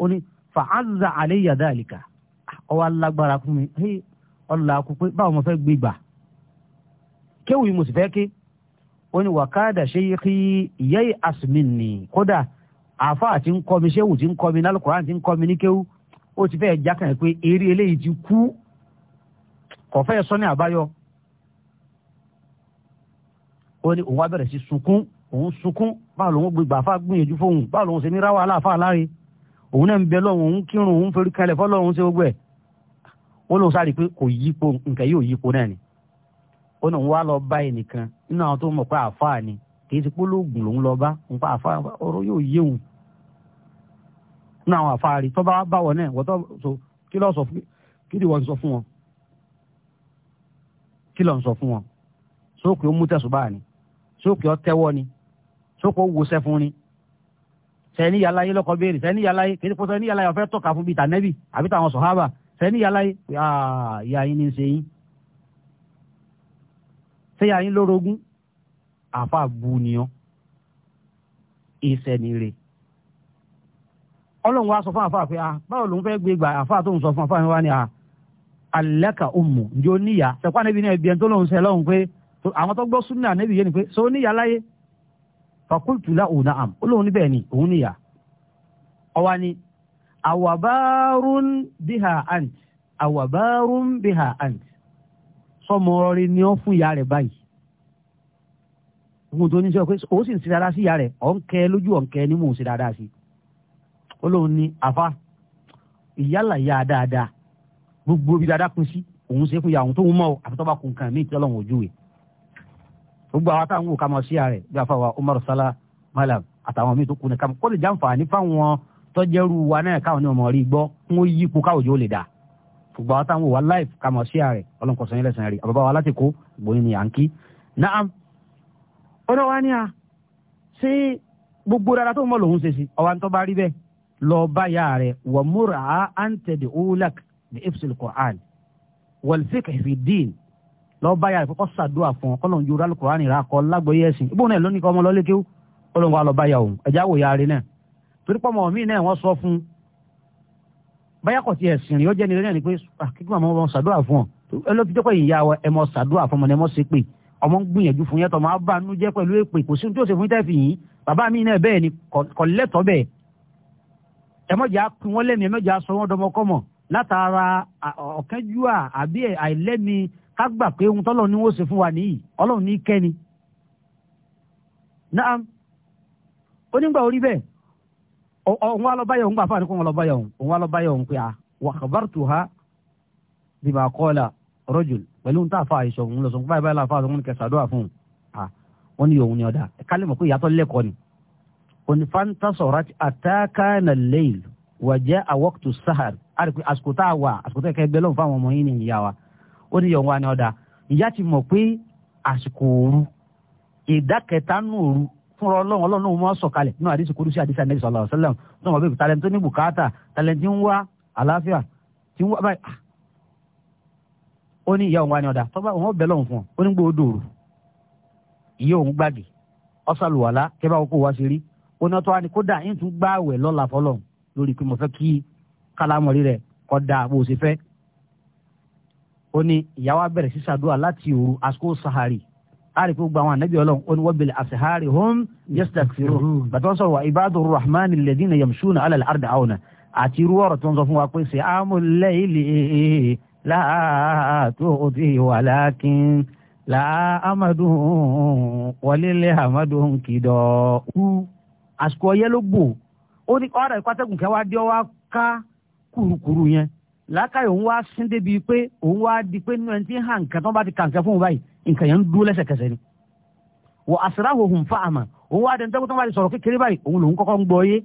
ó ní fa'azza alayya dhalika ọwọ́ alágbára fún mi ọ̀là kú pé báwo mo fẹ́ gbé gbà kéwì mo sì fẹ́ ké ó ní wàkádà shaykhi yai asminni kódà àáfàá ti ń kọ́ mi ṣéwù ti ń kọ́ mi nálùkùrán ti ń kọ́ mi ní kéwù ó ti fẹ́ jákàn pé eré eléyìí ti kú kò fẹ́ sọ ní àbáyọ ó ní òun wá bẹ̀rẹ̀ sí sunkún òun sunkún báwo lòun gbégbà fà gbìyànjú fóun báwo lòun ṣe ní ráwà aláàfà láre òun náà ń bẹ lọ́hùn òun kírun òun forí kalẹ̀ fọlọ́hùn ṣe gbogbo ẹ̀ wọ́n lòun sáré pé kò yípo nǹkan yóò yípo náà ni ó náà ń wá lọ bá ẹnìkan nínú àwọn tó mọ̀ pé àáfàá ni kì í ti pólóògùn lòun lọ bá ń pa àáfàá ọ̀rọ̀ yóò yé òun nínú àwọn àáfàá rí tọ́ba bá náà wọ́n tó kí kí ni sọ fún wọn kí ó mú tẹ̀sùbáà ni sóòkè ó tẹ́wọ́ ni sóko wòsẹ́ fún ni sẹ́ni yàrá yìí lọ́kọ̀ béèrè sẹ́ni yàrá yìí kí kò sẹ́ni yàrá yìí ọ̀fẹ́ tọ́ka fún bíi tànẹ́bì àbí tàwọn sọ̀hábà sẹ́ni yàrá yìí ìyá yín ní í ṣe yín lórogún àfa bu nìyàn ìṣẹ̀ni ọlọ́run wa sọ fún àfa pé báwo ló ń fẹ́ gbé gbà àfa tó ń sọ fún àfa yẹn wá ní alẹ́ka ọmọ ǹjẹ́ ó níyà sẹ́kọ́ àníbi náà ẹbí ẹni tó lóun fakultula òun náà olóhùn níbẹ̀ ni òun níyà ọwa ni àwàbárún bíhà ant àwàbárún bíhà ant sọmọ ọrẹ ni ó fún ìyá rẹ báyìí ohun tó ní sọ pé ó sì ń ṣe dáadáa sí ìyá rẹ ọ̀ ń kẹ lójú ọ̀ ń kẹ ní mò ń ṣe dáadáa sí olóhùn ni àfa ìyálà ya dáadáa gbogbo ibi dáadáa pín sí òun ṣe fún ìyá òun tó ń àfi tó bá kun kàn mí ìtọ́lọ́hún ojú rẹ̀ gbogbo àwọn táwọn wò ká mọ sí ààrẹ bí afáwa Umar Sala Malam àtàwọn míì tó kú ní ká kó lè jàǹfààní fáwọn tọ́jẹ́rú wa náà káwọn ní ọmọ rí gbọ́ ń yí ipò káwòjó lè dà gbogbo àwọn táwọn wò wá live ká mọ sí ààrẹ ọlọ́nkọ̀sán yẹn lẹ́sàn rí àbábá wa láti kó gbòyìn ní àǹkí. naam ọ̀rọ̀ wa ni a ṣé gbogbo rárá tó ń mọ lòun ṣe sí ọ̀wá ń tọ́ rí bẹ́ẹ̀ lọ bá yà rẹ̀ wà múra à ń tẹ̀dẹ̀ lọ́ọ́ báyà rẹ̀ kọ́kọ́ sàdúrà fún ọ kọ́lọ́n yorùbá alukóra nìyà kọ́ lágbóyè ẹ̀sìn ibò náà lónìí kọ́ ọmọ lọ́lé kéwú kọ́lọ́n wa lọ́ọ́ báyà òun ẹ̀já wò ya rí náà torí pọ́ mọ̀ mí náà wọ́n sọ fún báyà kọ̀ ti ẹ̀sìn rí ó jẹ́ ni lẹ́yìn pé ah, kíkún àmọ́ wọn sàdúrà fún ọ ẹ ló fi jẹ́ pé ìyá wa ẹ mọ sàdúrà fún ọmọ ẹ mọ sí pé ọmọ ń gbìyànjú fún yẹn tọmọ abánú jẹ́ pẹ̀lú èpè ni kò lẹ́tọ̀ọ́ bẹ́ẹ̀ ẹ mọ̀jà kún wọn lẹ́mìí ká gbà pé ohun tọ́lọ́ ni wọ́n ṣe fún wa nìyí ọlọ́run ní kẹ́ni. naam onígbà orí bẹ́ẹ̀ òun wa lọ báyọ̀ òun gbà fáwọn àdìkún wọn lọ báyọ̀ òun òun wa lọ báyọ̀ òun pé a wà khabartuha bima qala rajul pẹ̀lú ohun tá a fa àìsàn òun lọ sọ fún báyìí báyìí láfa àtọ́kùn kẹsàdúrà fún un wọ́n ní òun ni ọ̀dà kálí mọ̀ pé ìyàtọ̀ lẹ́kọ̀ọ́ ni òní fantasorat atakana leil wàjẹ́ awọ́kùtù sahar àdìkú àsìkò tá a wà àsìkò tá a kẹ́ bẹ́ẹ̀ lọ́n fáwọn ọmọ yìí ni ìyá wa ó ní yọ̀ǹwá ni ọ̀dà ìyá ti mọ̀ pé àsìkò òru ìdá kẹta nù òru fúnra ọlọ́run ọlọ́run òun máa sọ̀kalẹ̀ nínú àdìsí kúrú sí àdìsí ànẹ́bí sọ̀lá ọ̀sẹ́lẹ̀m náà wọ́n bẹ̀rẹ̀ talẹ̀ tó ní bùkátà talẹ̀ tí ń wá àlàáfíà tí ń wá báyìí. Ah! ó ní ìyá òun wá ní ọ̀dà tọ́ba òun bẹ̀ lọ́hùn fún ọ ó ní gbòó dòrò ìyá òun gbàgì ọ̀sàlùwàlá kẹ́bà kókó wá sí rí ó ní ọtọ́ wa ni kódà ń tún gbààwẹ̀ lọ́la fọlọ́run lórí pé mo fẹ́ kí kálámọ̀rí rẹ̀ kọ́ da bó o ṣe fẹ́ ó ní ìyá wa bẹ̀rẹ̀ sí ṣàdúrà láti òru àsìkò sahari àrí gbogbo àwọn ànábì ọlọ́run ó ní wọ́n bẹ̀rẹ̀ àṣehárì hum yastaghfirun bàtà wọ́n sọ̀rọ̀ ibadur rahman alladhina yamshuna ala al-ardi auna àti irú ọ̀rọ̀ tó ń sọ fún wa pé ṣe amul layli láàtò òtí walakin láàmàdù wọlélẹ̀ àmàdù kìdọ̀ kú àsìkò ọyẹ́ ló gbò ó ní ọ̀rọ̀ ìpátẹ́gùn kẹwàá dé ọwá ká kùrùkùrù yẹn làákàyè òun wá sín débi pé òun wá di pé nínú ẹni tí ń hàn nǹkan tó bá ti kà nǹkan fún un báyìí nǹkan yẹn ń dúró lẹ́sẹ̀kẹsẹ̀ ni. wọ àsìrá òhun fa àmà òun wá dẹni tó bá ti sọ̀rọ̀ kékeré báyìí òun lòun kọ́kọ́ ń gbọ́ yé.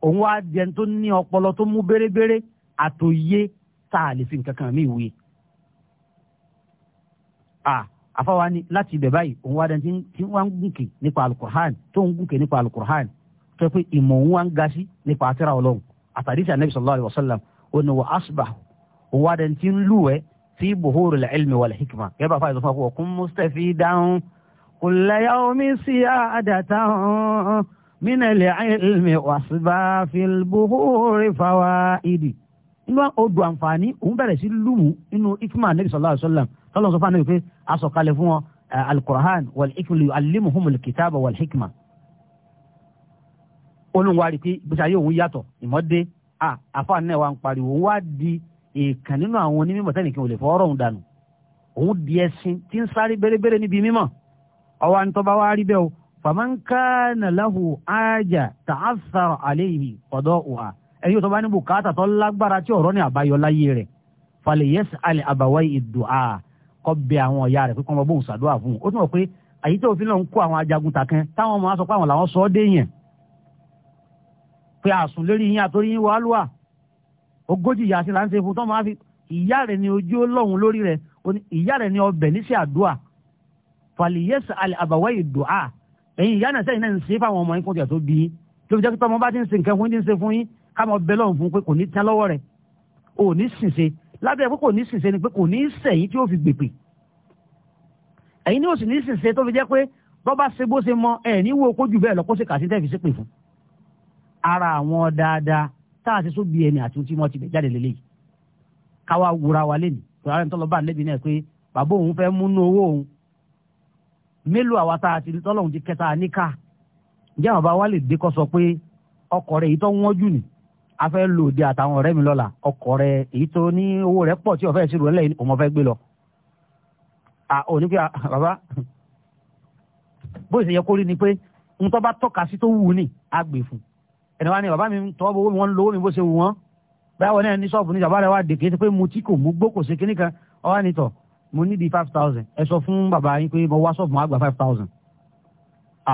òun wá dẹni tó ní ọpọlọ tó mú bérebére àtòyé tá a lè fi nǹkan kan mí wúye. a àfáwa ni láti ibẹ̀ báyìí òun wá dẹni tí tó ń gùnkè nípa alukur'an tó yẹ sallallahu alaihi ònà wà asùbà òun wá dẹni tí ń lù ẹ́ tí bòhóró la ilmi wal hikma kẹ́ bá fàyè sọ fún wa kún mustafi dáhùn kò lẹ́yà omi sí àdàtà hàn mínà lè ilmi wàsùbà fil bòhóró fáwa ìdì inú odò àǹfààní òun bẹ̀rẹ̀ sí lùmù inú nabi sallallahu alaihi wasallam sallallahu sọ fún anabi pé asọ̀kalẹ̀ fún wọn alukurahan wal hikma yuallimuhumul kitaba wal hikma olùwárí pé gbèsè ayé òun yàtọ̀ ìmọ̀dé àfa náà wà ń pariwo wá di èèkàn nínú àwọn onímọ̀ tẹ́nìkan ò lè fọwọ́rọ̀ òun dànù òun di ẹṣin tí ń sáré bẹ́rẹ́bẹ́rẹ́ níbi mímọ̀ ọwọ́ àǹtọ́ba wa rí bẹ́ẹ̀ o fàmánkánà láhù ájà tààsàrọ̀ àlẹ́ yìí ọ̀dọ́ òhà ẹ̀yin tó bá ní bùkátà tó lágbára tí ọ̀rọ̀ ní àbáyọ rẹ̀ falẹ̀ yẹ́sì alẹ́ àbáwá ìdùá kọ́ bẹ àwọn ọ̀yá rẹ̀ pé kọ́ pé àsùn lérí yín àtórí yín wàá lùwà ogójì ìyá sí là ń ṣe fún tó máa fi ìyá rẹ̀ ni ojú ọlọ́run lórí rẹ̀ ìyá rẹ̀ ni ọbẹ̀ níṣẹ́ àdúà fàlìyẹ́sì àbàwẹ́ ìdùá ẹ̀yin ìyá náà sẹ́yìn náà ń ṣe fáwọn ọmọ yín kó tiẹ̀ tó bí yín tó fi jẹ́ pípọ́ ọmọ bá ti ń ṣe nǹkan fún yín ti ń ṣe fún yín káàmọ́ bẹ lọ́run fún pé kò ní tán lọ́wọ́ rẹ̀ ò ní ṣìṣe lábẹ́ pé kò ní ṣìṣe ni pé kò ní sẹ̀yìn tí ó fi gbèpè ẹ̀yin ni ó sì ní ṣìṣe tó fi jẹ́ pé bọ́ bá ṣe bó ṣe mọ ẹ̀ ní wo kójú bẹ́ẹ̀ lọ kó ṣe kà sí tẹ́ fi ṣépè fún un ara àwọn dáadáa tá a ti sún bí ẹni àti tí wọ́n ti bẹ̀ jáde lélẹ̀ yìí káwa wura wa lẹ́nu tòun àrẹ tọ́lọ́ bá nẹ́bi náà pé bàbá òun fẹ́ múnú owó òun mélòó àwa tá a ti tọ́lọ́ òun ti kẹta níkà ǹjẹ́ àwọn bá wa lè dé kọ́ sọ pé ọkọ̀ rẹ̀ èyí tó wọ́n jù ní a fẹ́ lò dé àtàwọn ọ̀rẹ́ mi lọ́la ọkọ̀ rẹ̀ èyí tó ní owó rẹ̀ pọ̀ tí ọ̀fẹ́ ìṣirò lẹ́yìn òun fẹ́ gbé lọ. òní pé bàbá bóyá ìṣèyẹ kórìí ni pé ń tọ́ bá tọ́ka sí tó wù ní àgbè fún un ẹni ni ní bàbá mi tọ́ bọ́ wọn lówó mi bó ṣe wù wọ́n báyà wọn náà ní ṣọ́ọ̀bù ní bàbá rẹ̀ wá dèké pé mo tí kò mú gbó kò ṣe kíní kan ni tọ̀ mo nídìí five thousand ẹ sọ fún bàbá yín pé mo wá ṣọ́ọ̀bù wọn àgbà five thousand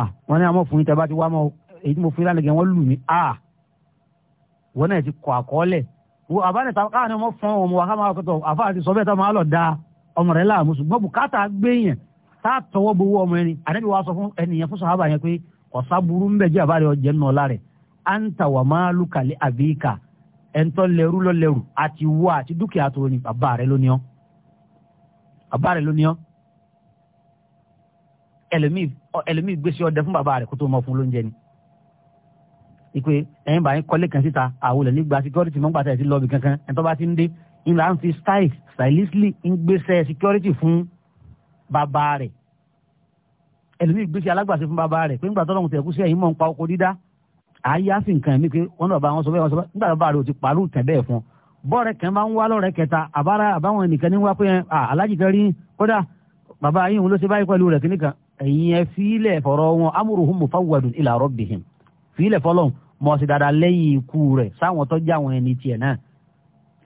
ah wọn ní àmọ́ fún yín tẹ́ ti wá mọ́ èyí tí mo fún yín lálẹ́ gẹ̀ wọ́n lù mí ah wọn náà ti kọ àkọọ́lẹ̀ wo àbánita káàní ọmọ fún ọmọ wa káàmà da ọmọ rẹ láàmú ṣùgbọ́n bùkátà gbẹ̀yìn tá a tọwọ́ bowó ọmọ ẹni àdébí wa sọ fún ẹnìyẹn fún anta wà le lùkàlẹ́ àbíkà ẹ̀ńtọ́ lẹ́rú lọ́lẹ́rù àti wọ́ àti dúkìá tó ní bàbá rẹ̀ lónìí ọ́ bàbá rẹ̀ lónìí ọ́ ẹlòmíì ẹlòmíì gbèsè ọdẹ fún bàbá rẹ̀ kó tó mọ fún lóúnjẹ ni ìpè ẹ̀yìn bàyìn kọ́lé kan síta àwòlẹ̀ nígbà security mọ́gbà tẹ̀ sí lọ́ọ̀bì kankan ẹ̀ńtọ́ bá ti ń dé ńlá ń fi style stylishly ń gbèsè security fún bàbá rẹ̀ ẹlòmíì gbèsè alágbàṣe fún bàbá rẹ̀ pé ńgbà tọ́lọ́hún tẹ̀kú sí ẹ̀yìn mọ̀ ń pa oko dídá àyà sí nǹkan mi pé wọn náà bá wọn sọ bẹ́ẹ̀ wọn sọ bẹ́ẹ̀ nígbà tó bá rẹ o ti pàrọ̀ tẹ̀ bẹ́ẹ̀ fún bọ́ọ̀rẹ̀ kan máa ń wá lọ́rẹ̀ kẹta àbára àbáwọn ẹnìkan ní wá pé alájì kan rí kódà bàbá yín òun ló ṣe báyìí pẹ̀lú rẹ̀ kíníkan ẹ̀yin ẹ fílẹ̀ fọ̀rọ̀ wọn amúrùhùn mufawwadun ila rabbihim fílẹ̀ fọlọ́n mọ̀ sí dáadáa lẹ́yìn ikú rẹ̀ sáwọn tó já àwọn ẹni tiẹ̀ náà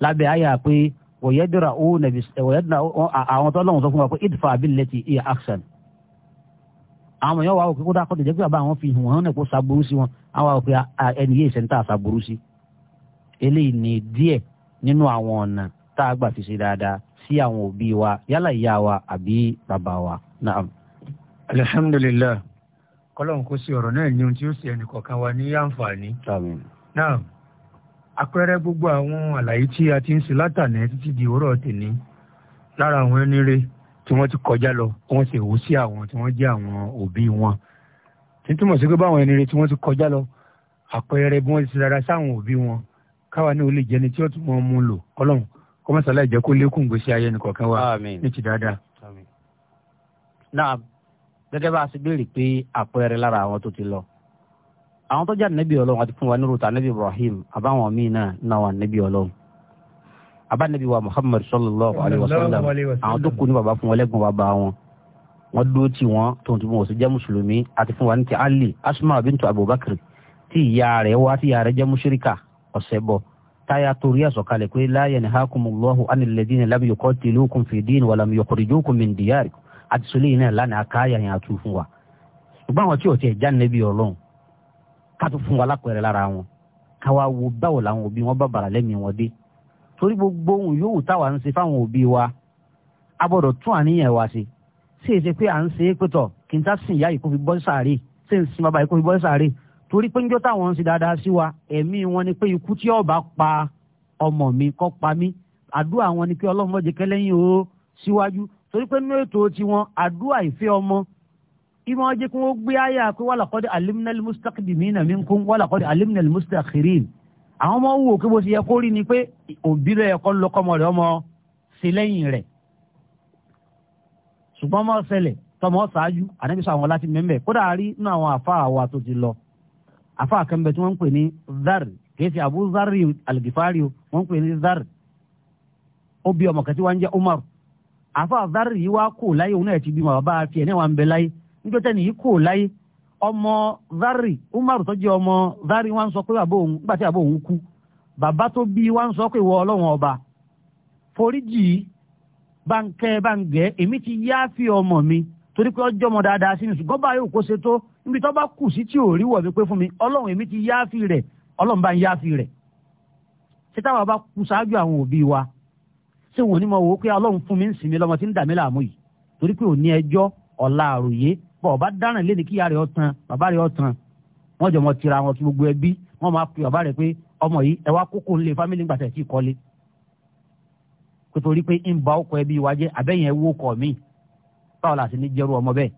lábẹ́ àyà pé wọ̀yẹ́dìrà ó nàbì àwọn èèyàn wà ó pé kó dákọ̀ tẹ̀jẹ́ pé bàbá àwọn fi hàn wọ́n nẹ̀kó saburú sí wọn àwọn àwọn ẹni yé ìṣẹ̀ntà saburú sí. eléyìí ni díẹ̀ nínú àwọn ọ̀nà tá a gbà fi ṣe dáadáa sí àwọn òbí wa yálà ìyá wa àbí bàbá wa naam. alhamdulillah kọ́lọ́n kó sí ọ̀rọ̀ náà ní ohun tí ó sì ẹnì kọ̀ọ̀kan wa ní àǹfààní. naam àpẹẹrẹ gbogbo àwọn àlàyé tí a ti ń ṣe látàná tí wọ́n ti kọjá lọ wọ́n sì wò sí àwọn tí wọ́n jẹ́ àwọn òbí wọn títúmọ̀ sí pé báwọn ẹni rẹ tí wọ́n ti kọjá lọ àpẹẹrẹ bí wọ́n ti rárá sáwọn òbí wọn káwa ní olè jẹni tí wọ́n tún mọ́ mú lò ọlọ́run kọ́mọ́sálà ìjẹ́ kó lékún gbèsè ayé nìkọ̀ọ̀kan wa ní ti dáadáa. náà gẹ́gẹ́ bá a ṣe béèrè pé àpẹẹrẹ lára àwọn tó ti lọ àwọn tó jẹ́ ànábì ọlọ́run àti fún wa nírò Ibrahim àbáwọn míì náà náà wà ànábì ọlọ́run abánabi wa muhammadu sallallahu alayhi wa sallam àwọn tó kù ní baba fún wọn lẹ́gbọ̀n baba wọn wọn dúró tì wọn tó ń tún wọn sí jẹ́ mùsùlùmí àti fún wa ní ti ali asma bintu abubakar tí ìyá rẹ̀ wá tí ìyá rẹ̀ jẹ́ mùṣírikà ọ̀sẹ̀ bọ̀ táyà torí àsọ̀kalẹ̀ pé la yanhakumullahu anil ladina lam yuqatilukum fi din wa lam yukhrijukum min diyarikum àti sọlẹ̀ yìí náà lánàá káyà yẹn àtú fún wa ṣùgbọ́n àwọn tí ò tiẹ̀ já nẹ́bí ọlọ́run ká tó fún wa lápẹ̀rẹ̀ lára wọn káwa wo báwo làwọn òbí wọn bá bàrà lẹ́mìí wọn dé torí gbogbo ohun yòówù táwa ń ṣe fáwọn òbí wa a gbọ́dọ̀ tún àníyàn wa ṣe sí èsì pé à ń ṣe é pé tọ̀ kì í sásìn ìyá yìí kó fi bọ́ sàárè sí ń sin bàbá yìí kó fi bọ́ sàárè torí pé níjọ́ táwọn ń ṣe dáadáa sí wa ẹ̀mí wọn ni pé ikú tí ó bá pa ọmọ mi kó pa mí àdúrà wọn ni pé ọlọ́mọ jẹ kẹlẹ́yìn o síwájú torí pé nínú ètò tiwọn àdúrà ìfẹ́ ọmọ ìmọ̀ ọjẹ́ kí wọ́n gbé àyà pé wàlàkọ́dẹ̀ alimnal mustaqdimina minkum wàlàkọ́dẹ̀ alimnal mustaakhirin àwọn ọmọ wò kí bó ṣe yẹ kó rí ni pé òbí rẹ̀ ẹ̀kọ́ lọ́kọ́mọ ọmọ ṣe lẹ́yìn rẹ̀ ṣùgbọ́n mọ́ ṣẹlẹ̀ tọmọ ṣáájú ànábìsọ àwọn láti mẹ́mẹ́ kódà rí nínú àwọn àfa àwa tó ti lọ àfa àkànbẹ tí ń pè ní zari o ń pè ní zar ó bí ọmọ kẹtí jẹ umar àfa yìí wá láyé òun náà ti bímọ bàbá ọmọ zari umaru tó jẹ́ ọmọ zari wá ń sọ pé àbó òun gbàtí àbó òun kú bàbá tó bí wá ń sọ pé ìwọ ọlọ́run ọba foríjì báńkẹ́ báńgẹ́ èmi ti yá fi ọmọ mi torí pé ọjọ́ ọmọ dáadáa sí ni ṣùgbọ́n báyìí òkú ṣe tó níbi tó bá kù sí tí ò rí wọ̀ mi pé fún mi ọlọ́run èmi ti yá fi rẹ̀ ọlọ́run bá ń yá fi rẹ̀ ṣé táwa bá kú ṣáájú àwọn òbí wa ṣé wọn ò ní mọ wò ó pé ọlọ́run fún mi ń sinmi lọ́mọ tí ń dà mí láàmú yìí torí pé òní ẹjọ́ ọ̀la àròyé bọ̀ ọba dáràn lé ní kíyà rẹ̀ ọ̀tàn bàbá rẹ̀ ọ̀tàn wọ́n jọ mọ tira wọn kí gbogbo ẹbí wọ́n máa pe bàbá rẹ̀ pé ọmọ yìí ẹ wá kókó nílé fámìlì gbàtẹ̀ tí kọ́lé kótórí pé ń ba ọkọ̀ ẹbí wa jẹ́ àbẹ́yẹn ewó kọ̀ mí báwo la sì ní jẹ́rú ọmọ bẹ́ẹ̀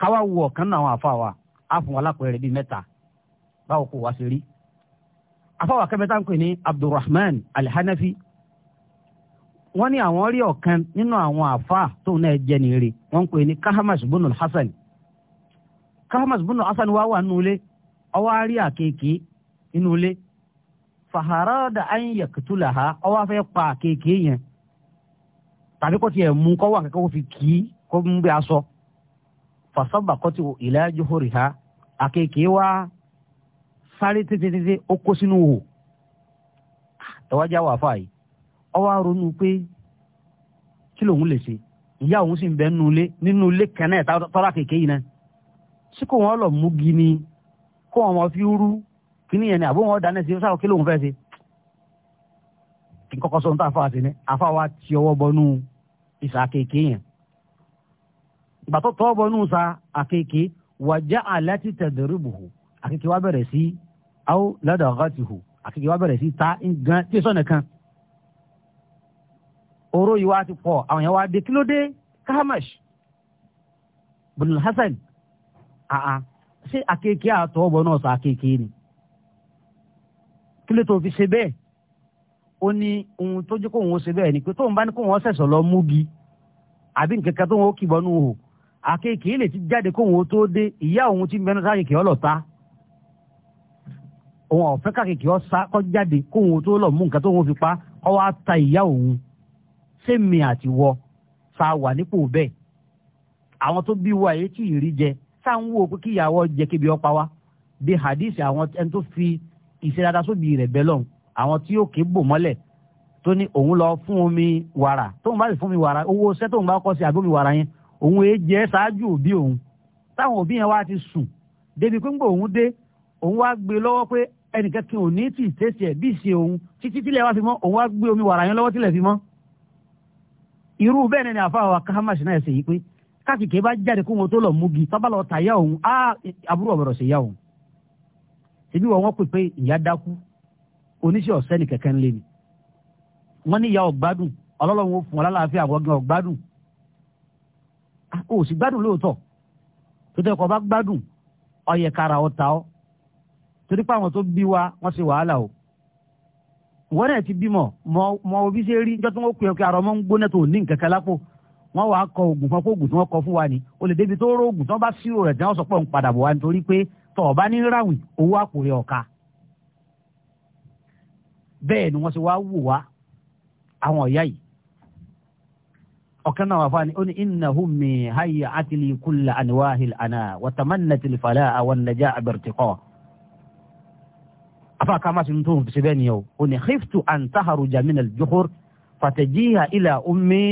káwá wo ọ̀kan náà àwọn àfa wa á fún wa lápẹ̀rẹ̀ bíi mẹ́ta báwo kò wá sí rí àfa wa kẹ́mẹ́ta ń pè ní Abdulrahman Al-Hanafi wọ́n ní àwọn rí ọ̀kan nínú àwọn àfáà tóun náà jẹ́ ní rí wọ́n ń pè ní kahmas bunu hasan bunu hasan wá wà nínú ilé ọwọ́ rí àkekè nínú ilé fàhàràdà an yaqtulaha ọwọ́ fẹ́ pa àkekè yẹn tàbí kò tiẹ̀ mú kọ́ wà kẹ́kẹ́ kó fi kì í kó ń aṣọ ti ila ó wá ronú pé kí lòun lè ṣe ìyá òun sì ń bẹ nínú ilé nínú ilé kẹ́nẹ́ tọ́lá kéèké yìí náà sí kò wọ́n lọ mú gini kó wọn mọ fi rú kíní yẹn ni àbó wọn dáná sí sáà kí lòun fẹ́ ṣe kí n kọ́kọ́ sọ ní tàfà sí ni àfà wa ti ọwọ́ bọnú ìsà kéèké yẹn ìgbà tó tọ́ bọnú sa àkéèké wàjá àlẹ́tì tẹ̀dẹ̀rìbùhù àkéèké wa bẹ̀rẹ̀ sí áwò ládàá ọ̀gá ti hù àkéèké wa bẹ̀rẹ̀ sí ta ń gan tí sọ̀nà kan oró yìí wá ti pọ̀ àwọn yẹn wá dé kí ló dé kahamash bunul hasan àà ah, ah. ṣé àkekèé àtọ̀ ọ̀bọ náà sọ àkekèé ni kí ló tó fi ṣe bẹ́ẹ̀ ó ní ohun tó jẹ́ kóun ó ṣe bẹ́ẹ̀ ni pé tóun bá ní kóun ó ṣẹ̀ṣọ̀ lọ mú bi àbí nǹkan kan tóun ó kì bọ́nú hò àkekèé lè ti jáde kóun ó tó dé ìyá òun ti mẹ́nu sáré kì ọlọ́ta òun ọ̀fẹ́ kàkekèé ọ sá kọ́ jáde kóun ó tó lọ mú nǹkan tóun ó fi pa kọ́ wá ta ìyá òun sẹ́mi àti wọ fa wà nípò bẹ́ẹ̀ àwọn tó bí wa yìí tí ì rí jẹ sáà ń wò pé kí ìyàwó jẹ kébi ọ̀pá wa bí hadith àwọn ẹni tó fi ìṣẹ́dáadá sóbì rẹ̀ bẹ́ lọ́hùn àwọn tí ó ké bò mọ́lẹ̀ tó ní òun lọ fún omi wàrà tóun bá sì fún mi wàrà owó iṣẹ́ tóun bá kọ́ sí àgbómi wàrà yẹn òun èé jẹ́ ṣáájú òbí òun táwọn òbí yẹn wá ti sùn débi pé ń gbọ́ òun dé òun wá gbé lọ́wọ́ pé ẹnìkan kí òun ní tì tẹ́sí ẹ̀ bí ìṣe òun títí tílẹ̀ wá fi mọ́ òun wá gbé omi wàrà yẹn lọ́wọ́ tílẹ̀ fi mọ́ irú bẹ́ẹ̀ ni àfáwà káhámàṣì náà ṣe yí pé káàkiri bá jáde kó wọn tó lọ mugi tábàlọ ta yá òun á àbúrò ọ̀bọ̀rọ̀ ṣe yá òun ṣèbí wọn wọn pè pé ìyá dákú oníṣẹ́ ọ̀sẹ́ ni kẹ̀kẹ́ ń lé ni wọ́n ní ìyá ọ̀gbádùn ọlọ́lọ́run ó fún wọn lálàáfíà àgọ́gán ọ̀gbádùn ó gbádùn lóòótọ́ tó tẹ́ kọ́ bá gbádùn ọ̀yẹ̀kara ọ̀tá wọ́n náà ti bímọ mọ òbí ṣe rí jọ́ tí wọ́n pè é kí àrọ́mọ́ ń gbóná tó ní nǹkan kan lápò wọ́n wàá kọ oògùn kan kó oògùn tí wọ́n kọ fún wa ni o lè débi tó rọ oògùn tí wọ́n bá ṣírò rẹ̀ tí wọ́n sọ pé òun padà bọ̀ wá nítorí pé tọ̀ ọ̀bá ní ráwìn owó àpò ọ̀ka bẹ́ẹ̀ ni wọ́n ti wá wò wá àwọn ọ̀yá yìí ọ̀kan náà wà fún ni ó ní innahu min hayya atili kulla anwahil ana watamannatil fala àwọn nàjà abẹ̀rẹ̀tìkọ́ afa kama sin to fi bẹ́ẹ̀ ni o o ní khiftu an taharuja min al-juhur fatajiha ila ummi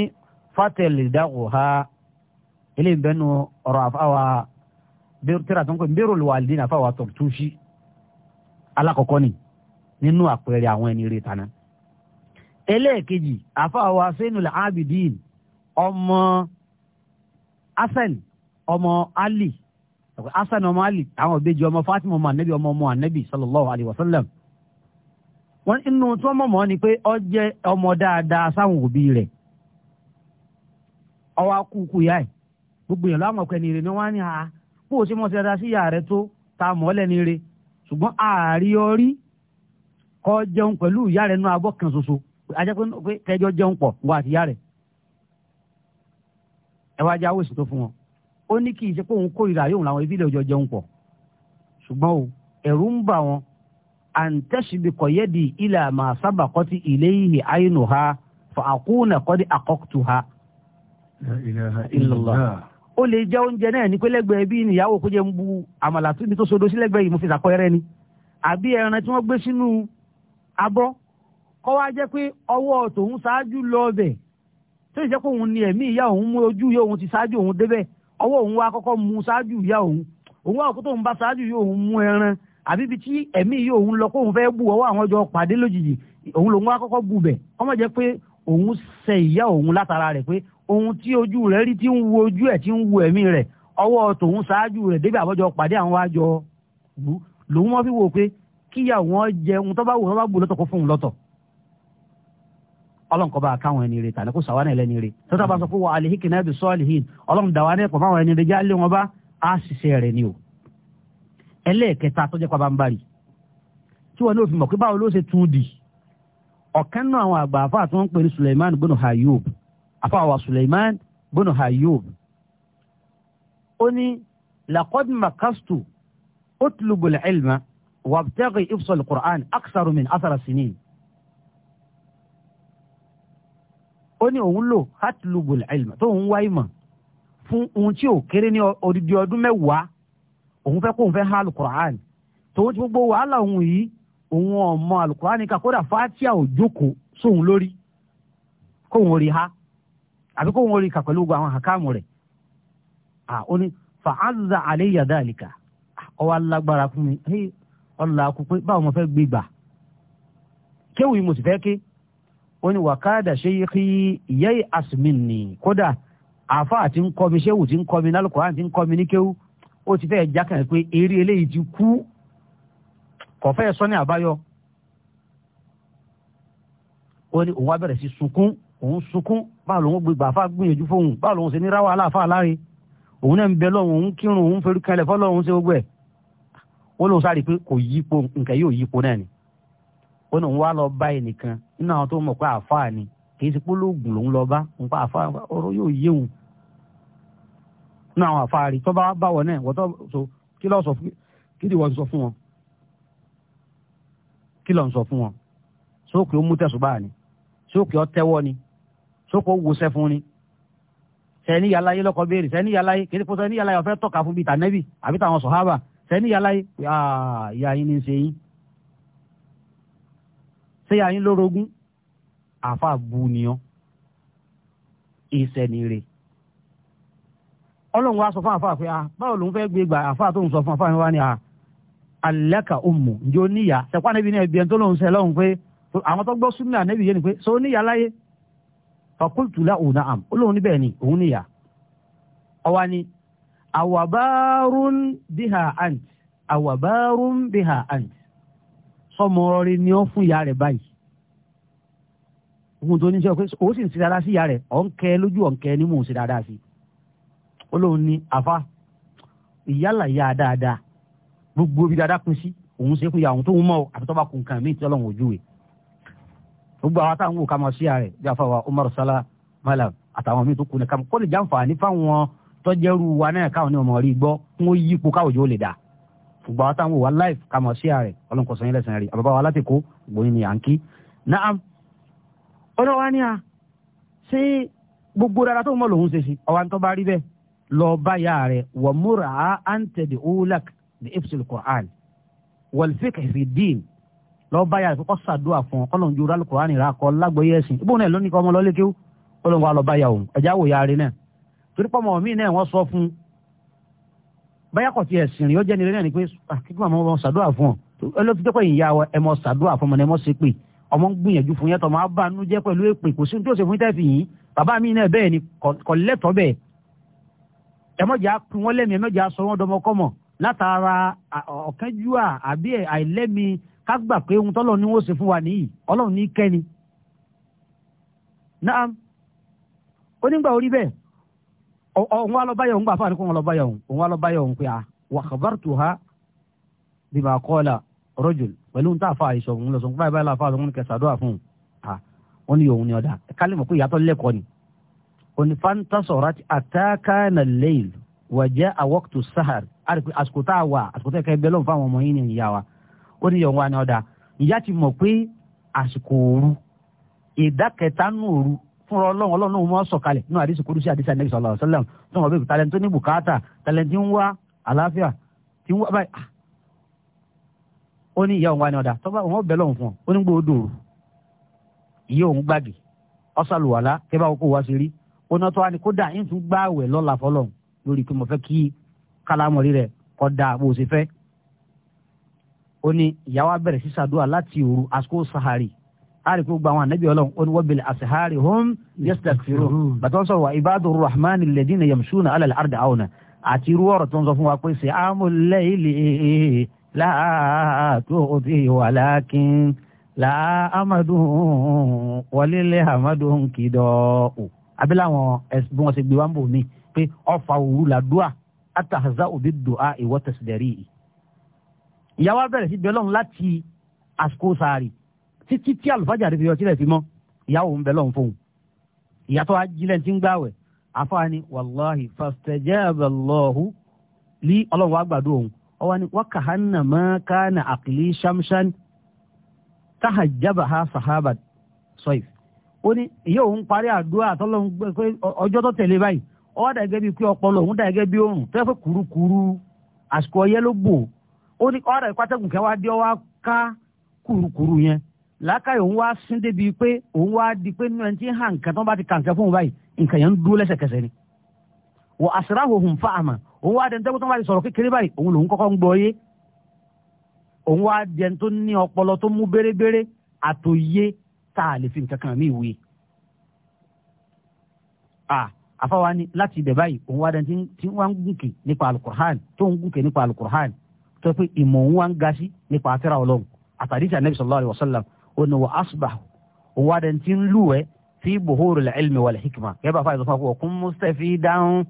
fatalidaguha ilé ìbẹ́nu ọ̀rọ̀ àfáwà tíra tó ń pè bẹ́rù lùwàlídìí àfáwà Tortushi alákọ̀ọ́kọ́ ni nínú àpẹẹrẹ àwọn ẹni rè tánà ẹlẹ́ẹ̀kejì àfáwà Zainul Abidin ọmọ Hasan ọmọ Ali hasan ọmọ ali àwọn òbejì ọmọ fatima ọmọ anabi ọmọ ọmọ anabi sallallahu alayhi wa sallam wọn inú tí wọn mọ̀mọ́ ni pé ọ jẹ́ ọmọ dáadáa sáwọn òbí rẹ̀ ọwọ́ akúkú yá gbogbo yẹn láwọn ọkọ ẹni ni ní ha ah, bó o ṣe mọ̀ sí dáadáa sí ìyá rẹ̀ tó ta mọ́lẹ̀ ni rẹ̀ ṣùgbọ́n ààrí ọrí kọ́ jẹun pẹ̀lú ìyá nú abọ́ kan ṣoṣo ó ní kì í ṣe pé òun kórìíra yóò làwọn ibi jẹun pọ̀ ṣùgbọ́n o ẹ̀rù ń bà wọn àǹtẹ̀sibikọ̀ ilẹ̀ àmà sábàkọ́ ti ilé ìhì àyínú ha fà kọ́ di àkọ́kùtù ha. ó lè jẹ oúnjẹ náà ní bí ìyàwó kó jẹ́ ń bu àmàlà tó tó sodo yìí mo fi sàkọ́ ẹrẹ́ ni ọwọ́ òun wá kọ́kọ́ mu ṣáájú ìyá òun òun wá òkú tóun bá ṣáájú yóò òun mú ẹran àbí ibi tí ẹ̀mí yóò òun lọ kóun fẹ́ bù ọwọ́ àwọn jọ pàdé lójijì òun lòun wá kọ́kọ́ bù bẹ̀ ọmọ jẹ́ pé òun ṣe ìyá òun látara rẹ̀ pé ohun tí ojú rẹ̀ rí tí ń wo ojú ẹ̀ tí ń wo ẹ̀mí rẹ̀ ọwọ́ tòun ṣáájú rẹ̀ débi àwọ́jọ pàdé àwọn àjọ bù lòun wọ́n fi wò pé kíyà wọn jẹ ohun tó bá wù wọn bá bù lọ́tọ̀ kó fún un lọ́tọ̀ ọlọ́run kọba àkáwọn ẹni rẹ̀ tàbí kò sàwọn ẹlẹ́ni rẹ̀ tọ́tà bá sọ pé wọ́n àlèhí kìnnà bí sọ́ọ̀lìhìn ọlọ́run dàwọn ẹni pọ̀ máwọn ẹni rẹ̀ já lé wọn bá á ṣiṣẹ́ rẹ̀ ni o. ẹlẹ́ẹ̀kẹta tó jẹ́ pabambari tí wọn ní òfin mọ̀ pé báwo ló ṣe tún di ọ̀kan náà àwọn àgbà àfa tó ń pè ní Suleiman bonu Hayub àfa wa Suleiman bonu Hayub ó ní laqad makastu utlubul ilma wabtaghi ifsal ó ní òun lò hatlubul ilm tóun wá ìmọ̀ fún ohun tí ò kéré ní odidi ọdún mẹ́wàá òun fẹ́ kóun fẹ́ há alukur'an tòun ti gbogbo wàhálà òun yìí òun ọmọ alukur'an ká kódà fatia ò jókòó sóun lórí kóun orí ha àbí kóun orí kà pẹ̀lú àwọn àkàmù rẹ̀ ó ní fa'azza alayya dhalika ọwọ́ alágbára fún mi pé báwo mo fẹ́ gbé gbà kéwì mo sì fẹ́ ó ní wàkádà ṣéyíkí ìyẹ́ àsìmí ni kódà àfa àti nkọ́mi ṣéwù ti nkọ́mi nálùkọ́rán ti nkọ́mi ní kéwù ó ti fẹ́ẹ́ jákàn pé eré eléyìí ti kú kọ̀fẹ́ sọ ní àbáyọ ó ní òun wá bẹ̀rẹ̀ sí sunkún òun sunkún báwo lòun gbé gbàfà gbìyànjú fóun báwo lòun ṣe ní ráwà aláàfà láre òun náà ń bẹ lọ́wọ́ òun kírun òun fẹ́rù kanlẹ̀ òun ṣe gbogbo ẹ̀ ó lóun sáré pé kò yípo nǹkan yóò yípo náà ni ó ní wọ́n á lọ bá ẹnìkan nínú àwọn tó mọ̀ pé àáfàá ni kì í ti polóògùn lòún lọ bá ń pa àáfàá ọ̀rọ̀ yóò yé òun nínú àwọn àáfàá rí tọ́ bá bá wọ náà wọ́tọ́ so kí lọ́ọ́ sọ fún kí ni wọ́n sọ fún wọn kí lọ́ọ́ sọ fún wọn sókè ó mú tẹ̀sùbáà ni sókè ó tẹ́wọ́ ni sókè ó wòṣẹ́ fún ni sẹ́ni yàláyé lọ́kọ̀ béèrè sẹ́ni yàláyé kí ni kò sẹ́ni yàláyé ọ̀fẹ́ tọ́ka fún bíi tànẹ́bì àbí tàwọn sọ̀hábà sẹ́ni yàláyé yà yín ni ṣé àyín ló rogún àfa bu nìyàn ìṣẹ̀nire ọlọ́run wa sọ fún àfa pé ah, báwo lòun fẹ́ gbé gbà àfa tó ń sọ fún àfa mi wá ní à alẹ́ka òmù njó níyà sẹ́kọ́ níbi náà ẹ̀bìyẹn tó lòun sẹ́ lọ́hùn pé àwọn tó gbọ́ súnmọ́ ànẹ́bí yé ni pé so níyà láyé fakultula òun àm olóhùn níbẹ̀ ni òun níyà ọwa ni àwàbárún bíhà àǹtí àwàbárún bíhà àǹtí sọmọ ọrẹ ni ó fún ìyá rẹ̀ báyìí ohun tó ní sọ pé òun sì ń ṣe dáadáa sí ìyá rẹ̀ ọ̀ ń kẹ́ lójú ọ̀ ń kẹ́ ní mò ń ṣe dáadáa sí ó lóun ní àfa ìyálà ìyá dáadáa gbogbo ibi dáadáa pín sí òun ṣe fún ìyá òun tó ń mọ àti tó bá kun kan mí tọ́lọ́hún ojúwe gbogbo àwọn táwọn wò ká máa ṣí ààrẹ bí àfa wa Umar Sala Malam àtàwọn míì tó kun ní kàmú kó lè jàǹfààní fáwọn tọ́jẹ́rú wa náà káwọn ní ọmọ rí gbọ́ kó yípo káwọ́jọ́ lè dáa ṣùgbọ́n àwọn táwọn wà live ká mọ̀ sí ààrẹ ọlọ́nkọ sọ yín lẹ́sìn rí àbábá wa láti kó gbóyin ni à ń kí. naam ọlọ́wà ni a ṣé gbogbo dára tó mọ̀ lòun ṣe sí ọwọ́ àtọ́ bá rí bẹ́ẹ̀ lọ bá yà rẹ̀ wà múra àǹtẹ̀dẹ̀ ulak the epsil quran wàlfíkì fi dín lọ bá yà rẹ̀ kọ́kọ́ sàdúà fún ọlọ́run ju rálù quran rà kọ́ lágbóyè ẹ̀sìn ibùn náà lónìí kọ́ ọmọ lọ bá yà báyà kọ̀ tiẹ̀ sìn rí ó jẹ́ nílé náà ni pé ah, kíkọ́ àmọ́ ọmọ ṣàdúrà fún ọ ẹlọ́tí pé ìyá wa ẹ mọ ṣàdúrà fún ọmọ ẹ mọ ṣe pé ọmọ ń gbìyànjú fún yẹn tọ́ máa bá nú jẹ́ pẹ̀lú èpè kò sí ní ṣe fún tẹ́ẹ̀fì yìí bàbá mi náà bẹ́ẹ̀ ni kò lẹ́tọ̀ọ́ bẹ́ẹ̀ ẹ mọ̀jà pin wọ́n lẹ́mìí ẹ mọ̀jà sọ wọ́n dọmọkọ́mọ̀ látara ọ̀kánjúà àbí àìlẹ́mi ká gbà pé ni wọ́n ṣe fún wa onígbà orí bẹ́ẹ̀ òun wà lọ báyọ̀ òun gbà fáwọn kò ń lọ báyọ̀ òun òun wà lọ báyọ̀ òun pé a wà khabartuha bima qala rajul pẹ̀lú nta àfa àìsàn òun lọ sọ báyìí láfa àwọn kẹsà àdúrà fún a wọn ni òun ni ọ̀dà kálí mọ̀ pé ìyàtọ̀ lẹ́kọ̀ọ́ ni òní fantasorat atakana leil wàjẹ́ awọ́kùtù a wà àsìkò tá a kẹ́ bẹ́ẹ̀ lọ́n fáwọn ọmọ yìí ni ìyá wa ó ní ìyọ̀wọ́ ni ọ̀dà ìyá ti mọ̀ fúnra ọlọ́run ọlọ́run náà wọ́n sọ̀kalẹ̀ nínú àdìsí kúrú sí àdìsí àdìsí sallallahu alaihi wasallam tó wọn bẹ̀rù talẹ̀ tó ní bùkátà talẹ̀ tí ń wá àlàáfíà tí ń wá báyìí ah. ó ní ìyá òun wá ní ọ̀dà tó bá òun bẹ̀ lọ́hùn fún ọ ó ní gbòó dòrò ìyá òun gbàgì ọ̀sàlùwàlá kẹ́ bá kó wá sí rí ó tó wá ní kódà ń tún gbààwẹ̀ lọ́la fọlọ́hùn lórí ari ko gba àwọn anabi Ọlọ́run ó ní wa bil asihari hum yastaghfirun bàtà sọ̀rọ̀ wa ibadu rahman alladhina yamshuna ala al-ardi awna àti irú ọ̀rọ̀ tó ń sọ fún wa pé ṣe amúlẹ́ìlì láàtó òdì wàlákin láàmàdùn wọlélé àmàdùn kìdọ̀ ò abiláwọn bí wọ́n ṣe gbé wá ń bò mí pé ọfà òru làdúà àtàzà òbí dùà ìwọ́ tẹ̀sídẹ̀rì yìí. ìyàwó abẹ́rẹ́ sí bẹ́ẹ̀ lọ́run láti àsìkò sáàrì títí tí àlùfájà fi yọ sílẹ̀ fi mọ ìyàwó ń bẹ lọ́hùn fóun ìyàtọ̀ ajílẹ̀ ti ń gbàwẹ̀ àfáàní wàláhì fastajaba Allahu lí ọlọ́run wá gbàdúrà òun ọwọ́ ni kà hánà mọ́ kánà àkìlí ṣamṣan ha sahaba sọ́yìf ó ní ìyá òun parí àdúrà tọ́lọ́run pé ọjọ́ tó báyìí bíi pé ọpọlọ òun bíi òrùn tó yẹ àsìkò làákàyè òun wá sín débi pé òun wá di pé nínú ẹni tí ń hàn nǹkan tó bá ti kàǹkẹ́ fún òun báyìí nǹkan yẹn ń dúró lẹ́sẹ̀kẹsẹ̀ ni. wọ àṣírà òhun fa àmà òun wá dẹni tẹ́gbọ́n tó bá ti sọ̀rọ̀ kékeré báyìí òun lòun kọ́kọ́ ń gbọ́ yé. òun wá dẹni tó ní ọpọlọ tó mú bérebére àtòyé tá a lè fi nǹkan kan míì wé. a àfáwa ni láti ibẹ̀ báyìí òun wá dẹni tí wọ́n ń gùnkè nípa alukur'an sallallahu alaihi òní wà asbah òun wá dẹni tí ń lù ẹ́ fi buhuril ilmi wal hikma gẹ́gẹ́ bá fàyè sọ fún kun mustafidan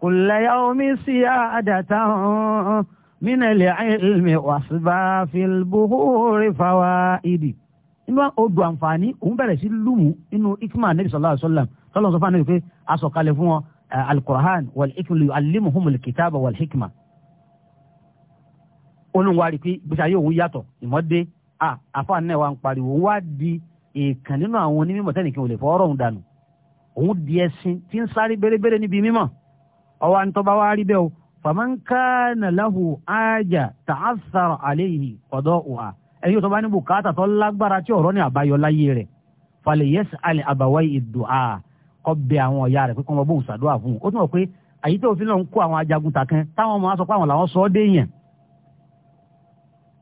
kulla yawmi siyadatan minal ilmi wasba fil buhuri fawaidi inú odò àǹfààní òun bẹ̀rẹ̀ sí lùmù inú ikma nabi sallallahu alaihi wasallam sallallahu alaihi wasallam pé asọ̀kalẹ̀ fún wọn alquran wal hikma yuallimuhumul kitaba wal hikma olùwárí pé gbèsè ayé òun yàtọ̀ ìmọ̀dé à àfáà náà wà ń pariwo wá di èèkàn nínú àwọn onímọ̀ tẹ́nìkan ò lè fọ́ ọ̀rọ̀ òun dànù òun di ẹṣin tí ń sáré bérebére níbi mímọ̀ ọwọ́ àǹtọ́ba wa rí bẹ́ẹ̀ o faman kana lahu ájà ta'athar alayhi qada'uha ẹ̀yin tó bá ní tó lágbára tí ọ̀rọ̀ ní àbáyọ láyé rẹ̀ falẹ̀ yẹ́sì alẹ́ àbáwá ìdùá ọbẹ̀ àwọn ọ̀yà rẹ̀ pé kọ́ ọmọ bóun ṣàdúrà fún un ó tún mọ̀ pé àyí tó náà ń kó àwọn ajagun ta táwọn ọmọ wa sọ pé àwọn làwọn sọ ọ́ déyàn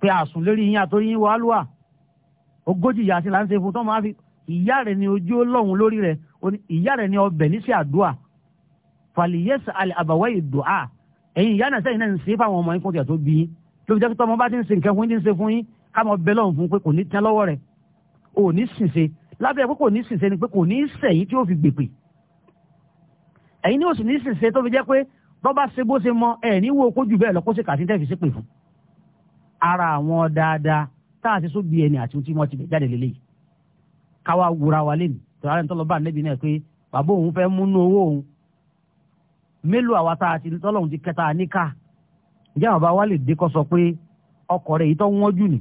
pé àsùn lérí yín àtórí yín wàá lùwà ogójì ìyá sí là fún tọ́mọ àfi ìyá rẹ̀ ni ojú ọlọ́run lórí rẹ̀ ìyá rẹ̀ ni ọbẹ̀ níṣẹ́ àdúà fàlìyẹ́sì àbàwẹ́ ìdùà ẹ̀yin ìyá náà sẹ́yìn náà ń ṣe fáwọn ọmọ yín kó tiẹ̀ tó bí yín lóbi jẹ́ pé tọ́mọ bá ti ń ṣe nǹkan fún yín ti ń ṣe fún yín ká mọ bẹ́ lọ́run fún pé kò ní tẹ́ lọ́wọ́ rẹ̀ ò ní sìnṣe lábẹ́ pé kò ní sìnṣe ni pé kò ní sẹ̀yìn tí ó fi gbèpè ẹ̀yin ni ó sì ní sìnṣe tó fi jẹ́ pé bọ́ bá ṣe bó ṣe mọ ẹ̀ ní wo kójú bẹ́ẹ̀ lọ kó ṣe kàtí tẹ́ fi ṣépè fún ara àwọn dáadáa tá a ti sún bí ẹni àti ohun tí wọ́n ti bẹ̀ jáde lélẹ́yìí káwa wura wa lẹ́nu tọ́lá ní tọ́lọ́ bá nẹ́bí náà pé bàbá òun fẹ́ múnú owó òun mélòó àwa tá a ti tọ́lọ́hún ti kẹta níkà ìjà bàbá wa lè dé kọ́ sọ pé ọkọ̀ rẹ̀ èyí tó wọ́n jù ní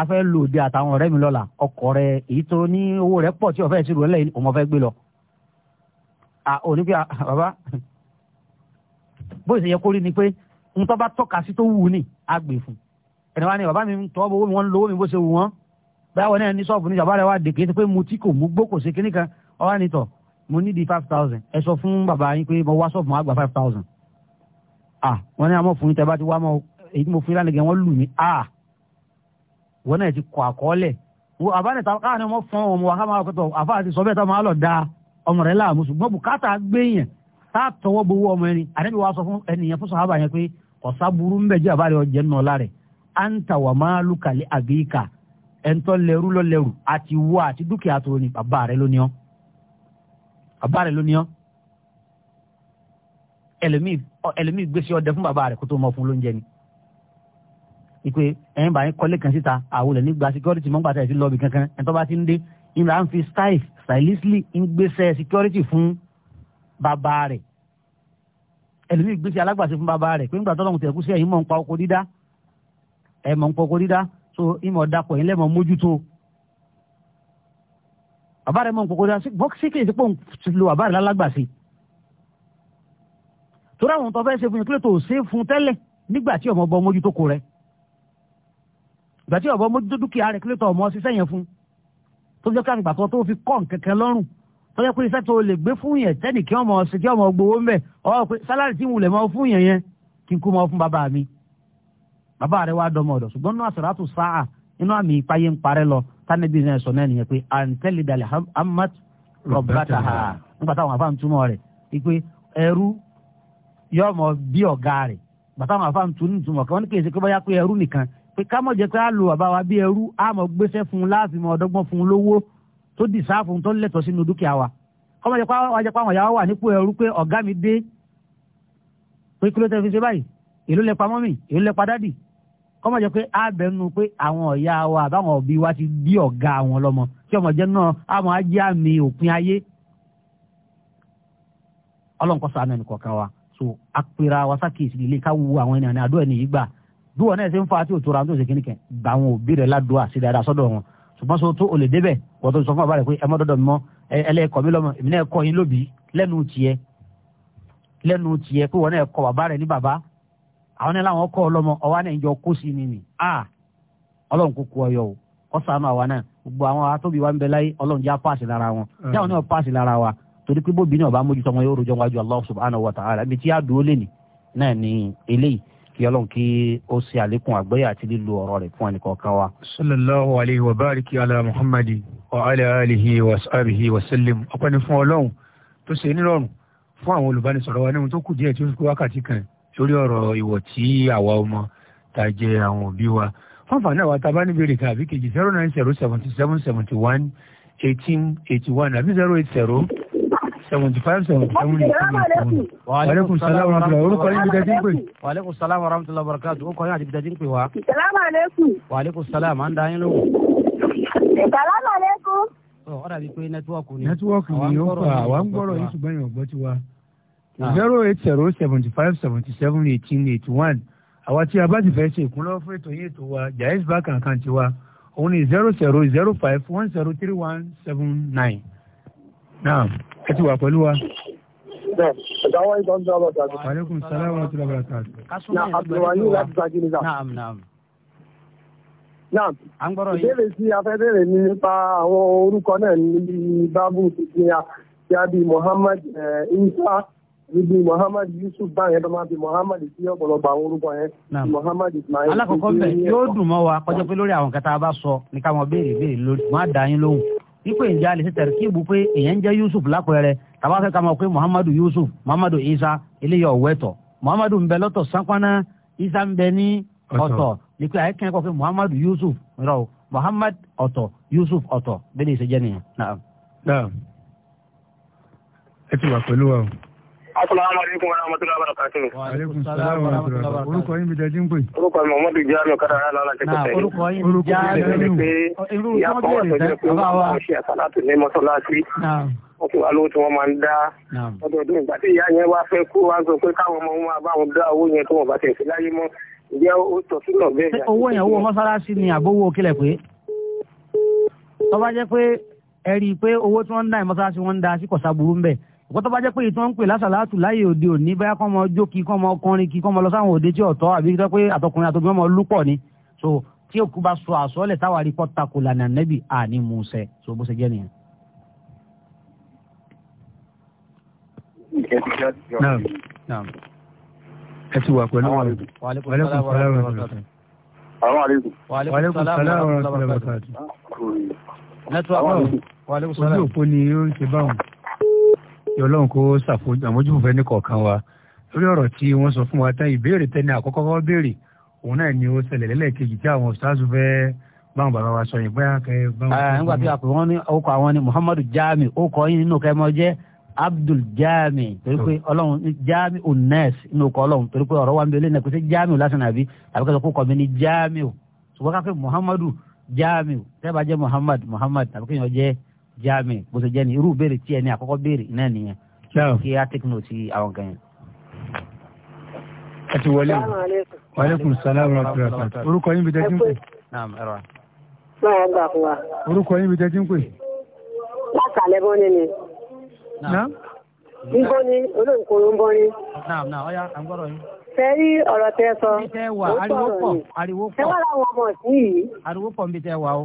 a fẹ́ lò dé àtàwọn ọ̀rẹ́ mi lọ́la ọkọ̀ rẹ̀ èyí tó ní owó rẹ̀ pọ̀ tí ọ̀fẹ́ ti rò lẹ́yìn òun ọ̀fẹ́ gbé lọ. à òní pé ah, bàbá bóyá ìṣẹ̀yẹ kórìí ni pé ń tọ́ bá tọ́ka sí tó wù ní àgbè fún un ẹni wá ní bàbá mi tọ́ bó wọn lówó mi bó ṣe wù wọ́n báyà wọn náà ní sọ́ọ̀bù ní bàbá rẹ wá dèké pé mo tí kò mú gbó kò ṣe kíní kan ọwọ́ ni tọ̀ mo ní di five thousand ẹ sọ fún bàbá yín pé mo wá sọ́ọ̀bù mo á five thousand ah wọn ní àmọ́ fún yín tẹ́ bá ti wá mọ́ èyí tí mo fún yín lálẹ́ gẹ̀ wọ́n lù mí ah wọn náà ti kọ àkọọ́lẹ̀ àbánita káà ni wọ́n fún ọmọ wa ká máa da ọmọ rẹ̀ láàmú ṣùgbọ́n bùkátà gbẹ̀yìn tá a tọwọ́ gbowó ọmọ ẹni àdébí wa sọ fún ẹnìyẹn fún sàhábà yẹn anta wa maluka li abika ẹ̀ńtọ́ lẹ́rú lọ lẹ́rú àti wọ àti dúkìá tó ní bàbá rẹ lónìí ọ́ bàbá rẹ lónìí ọ́ ẹlòmíì ẹlòmíì gbèsè ọdẹ fún bàbá rẹ kó tó mọ fún lóúnjẹ ni ìpè ẹ̀yìn bá yín kọ́lé kan síta àwọn olè nígbà security mọ́ gbàtà ìfi lọ́ọ̀bì kankan ẹ̀ńtọ́ bá ti ń dé ìlà ń fi style stylishly ń gbèsè security fún bàbá rẹ ẹlòmíì gbèsè alágbàṣe fún bàbá rẹ pé ńgbà tọ́lọ́hún tẹ̀kú sí ẹ̀yìn mọ̀ ń pa oko dídá ẹ mọ̀ ń pọkọ dídá so ìmọ̀ dapò yín lẹ́mọ̀ mójútó bàbá rẹ̀ mọ̀ ń pọkọ dídá bọ́ọ̀sì kì í ti pọ̀ ń lo bàbá rẹ̀ lálágbàsí torí àwọn tó fẹ́ ṣe fún yín kí ló tó ṣe fún tẹ́lẹ̀ nígbà tí ọmọ bọ mójútó kò rẹ̀ ìgbà tí ọmọ mójútó dúkìá rẹ̀ kí ló tó ọmọ ṣiṣẹ́ yẹn fún tó jẹ́ ká gbàtọ́ tó fi kọ́ kẹ̀kẹ́ lọ́rùn tó jẹ́ pé iṣẹ́ tó lè gbé fún yẹn tẹ́nì kí ọmọ ṣe kí ọmọ gbowó ń bẹ̀ ọ pé sálárì tí mo lè mọ fún yẹn yẹn kí n kó mọ fún bàbá mi bàbá rẹ̀ wá dọmọ ọ̀dọ̀ ṣùgbọ́n náà sọ̀rọ̀tù sáà inú àmì ìpayé ń parẹ́ lọ tánibí náà sọ náà nìyẹn pé àǹtẹ́lì dalẹ̀ amat rọ̀bátà ha nígbà táwọn afáàn túmọ̀ rẹ̀ wípé ẹrú yọmọ bí ọ̀gá rẹ̀ nígbà táwọn afáàn tún túmọ̀ kí wọ́n ní kí èsì pé bóyá pé ẹrú nìkan pé ká mọ̀ jẹ́ pé á bàbá wa bí ẹrú á mọ̀ gbéṣẹ́ fún un láàfin mọ̀ ọ̀dọ́gbọ́n fún un lówó tó dì sáàfún tó lẹ́tọ̀ọ́ sínú dúkìá wa kọ́mọ̀ jẹ́ pé wọ́n jẹ́ pé àwọn ìyàwó wà nípò ẹrú kọ́mọ jẹ́ pé ábẹ́nu pé àwọn ọ̀yá wa àbáwọn òbí wa ti bí ọ̀gá àwọn lọ́mọ tí ọmọ jẹ́ náà àmọ́ ajé àmì òpin ayé ọlọ́nkọ́ sànù ẹnì kọ̀ọ̀kan wa so apẹ̀rẹ̀ wa sákèsì lè ká wu àwọn ènìyàn ní àdó ẹ̀ nìyí gbà bí wọn náà ṣe ń fa àti òtòrò àwọn tó ṣe kíní kẹ gba àwọn òbí rẹ ládùúà sí dáadáa sọ́dọ̀ wọn ṣùgbọ́n so tó o débẹ̀ wọ́n àwọn ẹlẹ́la wọn kọ́ ọlọ́mọ ọwọ́ náà ń jọ kó sí ni nì á ọlọ́run kò kú ọyọ o kọ́ sànù àwa náà gbogbo àwọn atóbi wa ń bẹ láyé ọlọ́run já páàsì lára wọn jáwọn náà páàsì lára wa torí pé bóbi náà bá mójútó wọn yóò rojọ́ wájú Allah subhanahu wa ta'ala ibi tí a dúró lé ní náà ni eléyìí kí ọlọ́run kí ó ṣe àlékún àgbẹ́yà àti lílo ọ̀rọ̀ rẹ̀ fún ẹnìkọ̀ọ̀kan wa. sallallahu alayhi wa bariki ala muhammadi wa ala alihi wa sahbihi wa sallim ọpẹ́ ni fún ọlọ́run tó ṣe nírọ̀rùn fún àwọn olùbánisọ̀rọ̀ wa níwọ̀n tó kù díẹ̀ tí ó fi wákàtí kan sórí ọ̀rọ̀ ìwọ̀ tí àwa ọmọ ta jẹ àwọn òbí wa fún àǹfààní àwa tá a bá níbi èrè kàbí kejì zero nine zero seventy seven seventy one eighteen eighty one àbí zero eight zero seventy five seventy seven eighty one. waaleykum salaam wa rahmatulah orúkọ yín bìtẹ́ dín pè. waaleykum salaam wa rahmatulah barakatu orúkọ yín àti bìtẹ́ dín pè wá. salaamaleykum. waaleykum salaam à ń da yín lóhùn. salaamaleykum. ọ̀ ọ́ dàbí pé nẹ́tíwọ́ọ̀kì ni. nẹ́tíwọ́ọ̀kì ni ó fà wá ń gbọ́rọ̀ yín ṣùgbọ́n yóò gbọ́ tiwa. Ah. zero eight zero seventy five seventy seven eighteen eighty one àwa tí a bá ti fẹ́ ṣe ìkúnlọ́wọ́ fún ètò yìí ètò wa jaiz bank account wa òun ni zero zero zero five one zero three one seven nine naam ẹ ti wà pẹ̀lú wa. Ìdáwọ́ ìtọ́ ń dábọ̀ tàbí. Aleykum salaam wa rahmatulahi wa barakatuh. Na Abdulwani láti Sagini náà. Naam naam. Naam. À ń gbọ́dọ̀ yìí. Ìbéèrè sí afẹ́bẹ̀rẹ̀ mi nípa àwọn orúkọ náà ní bábù tuntun ya, ya bíi Muhammad eh, Isa níbi muhammad yusuf báyẹn tó máa fi muhammad sí ọ̀pọ̀lọpọ̀ àwọn orúkọ yẹn muhammad ismail. alákọ̀ọ́kọ́ bẹ̀ yóò dùn mọ́ wa kọjá pé lórí àwọn kẹta bá sọ ní káwọn béèrè béèrè lórí wọn á dá yín lóhùn wípé ǹjẹ́ lè ṣe tẹ̀ríkìbù pé èèyàn ń yusuf lápẹẹrẹ tàbá fẹ́ ká mọ̀ pé muhammadu yusuf muhammadu isa eléyà ọ̀wẹ́tọ̀ muhammadu ń bẹ lọ́tọ̀ sápáná isa ń bẹ ní ọ̀tọ̀ ní pé àyíkẹ́ pé muhammadu yusuf rọ muhammad ọ̀tọ̀ yusuf ọ̀tọ̀ bẹ́ẹ̀ ni ìṣẹ́jẹ́ nìyẹn. ẹ ti wà pẹ̀lú wa o. Asalaamu aleykum wa rahmatullahi wa barakatuh. Wa aleykum salaam wa rahmatullahi wa barakatuh. Orúkọ yín mi jẹ́ Jíngbè. Orúkọ mi Mọ̀mọ́dù Jamiu Kadara Lala Jẹ́kọ̀ Sẹ́yìn. Orúkọ yín mi Jamiu. Irú ìyàpọ̀ wà tó jẹ́ pé wọ́n ṣe àsálàtù ní mọ́ṣáláṣí. Wọ́n ti wá lówó tí wọ́n máa ń dá. Ọdọọdún ìgbà tí ìyá yẹn wá fẹ́ kú wá sọ pé káwọn ọmọ wọn máa bá wọn dá owó yẹn tó wọn bá tẹ̀ sí láyé mọ́. Ǹjẹ́ ó tọ́ sílọ̀ bẹ́ẹ̀? Owó yẹn owó mọ́ṣáláṣí ni àbówó kílẹ̀ pé. Tọ́ bá jẹ́ pé ẹ rí i pé owó tí wọ́n ń dá ìmọ̀ṣáláṣí wọ́n ń dá sí kọ̀ṣà burú ń bẹ̀ ọ̀pọ̀ tó bá jẹ́ pé ìtàn ń pè lásàlátù láyé òde òní báyà kọ́ ọmọ ọjọ́ kí kọ́ ọmọ ọkùnrin kí kọ́ ọmọ lọ sáwọn òde tí ọ̀tọ́ àbí tó pé àtọkùnrin àtọkùnrin ọmọ lúpọ̀ ni so tí òkú bá sọ àsọ́lẹ̀ táwárí pọ́ takò lànà nẹ́bì àní musẹ̀ so bó ṣe jẹ́ nìyẹn. ẹ ti wà pẹ̀lú wa aleykum salaam wa rahmatulah. wa aleykum salaam wa rahmatulah. nẹ́tíwá wa aleykum salaam. ojú òpó ni ó ń ṣe báwọn ọlọ́run kó ṣàfojú àmójúfẹ́ ní kọ̀ọ̀kan wa lórí ọ̀rọ̀ tí wọ́n sọ fún wa tán ìbéèrè tẹ́ni àkọ́kọ́ kọ́ béèrè òun náà ni ó ṣẹlẹ̀ lẹ́lẹ́kejì tí àwọn ọ̀sáàsù fẹ́ báwọn bàbá wa sọ yìí bóyá kẹ́ báwọn. Ah, nígbà tí a pè wọ́n ní orúkọ àwọn ni Muhammadu Jami ó kọ́ yín nínú kẹ́mọ́ jẹ́ Abdul Jami torí pé ọlọ́run Jami unes nínú kọ́ ọlọ́run torí pé ọ̀rọ̀ wa ń bẹ lẹ́nu pé Jami lásán àbí àbíkẹ́sọ̀ kó kọ́ mi ní Jami ṣùgbọ́n ká pé Muhammadu Jami tẹ́ẹ̀ bá jẹ́ Muhammad Muhammad àbíkẹ́yìn ọjẹ́ jami bó ṣe jẹ́ ni irú béèrè tí ẹni àkọ́kọ́ béèrè náà nìyẹn kí á take note ti àwọn kan yẹn. ẹ ti wọlé o wàlẹ́kùn sálàmù ọ̀tún orúkọ yín bí tẹ́tí ń pè. náà gbà fún wa. orúkọ yín bí tẹ́tí ń pè. látàlẹ́ bọ́ ni ni. ń bọ́ ni olóńkó ló ń bọ́ ni. Fẹ́rí ọ̀rọ̀ tẹ sọ. Bí tẹ wà, ariwo pọ̀, ariwo pọ̀. Ariwo pọ̀ ń bí tẹ wà ó.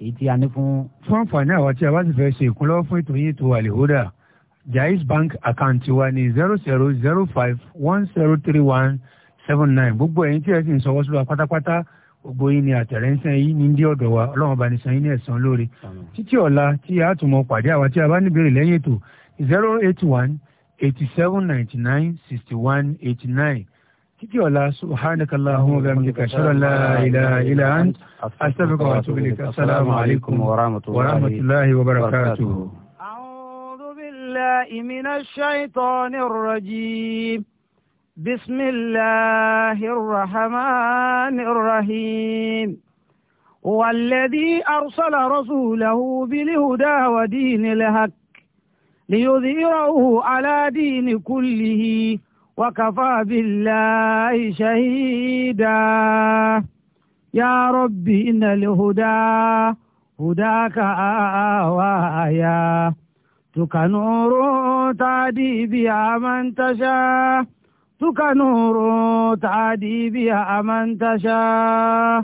èyí tí a ní fún. fún àǹfààní àwọn tí a bá sì fẹ́ ṣe ìkúnlọ́wọ́ fún ètò yìí tó àlèhódà jaiz bank account wa ní zero zero zero five one zero three one seven nine gbogbo ẹ̀yin tí ẹ sì ń sọwọ́ sílùú pátápátá gbogbo yìí ni àtẹ̀rẹ́ńsẹ́ yìí ní ndí ọ̀dọ̀ wa ọlọ́run bá ní san yín ní ẹ̀san lóore títí ọ̀la tí a tún mọ pàdé àwa tí a lẹ́yìn ètò zero eight one eighty seven ninety nine sixty one eighty nine. سبحانك اللهم وبحمدك اشهد ان لا اله الا انت استغفرك واتوب اليك السلام عليكم ورحمه الله وبركاته اعوذ بالله من الشيطان الرجيم بسم الله الرحمن الرحيم والذي ارسل رسوله بالهدى ودين الحق ليظهره على دين كله وكفى بالله شهيدا يا رب إن الهدى هداك آوايا تك نور تعدي بها من تشاء تك نور تعدي بها من تشاء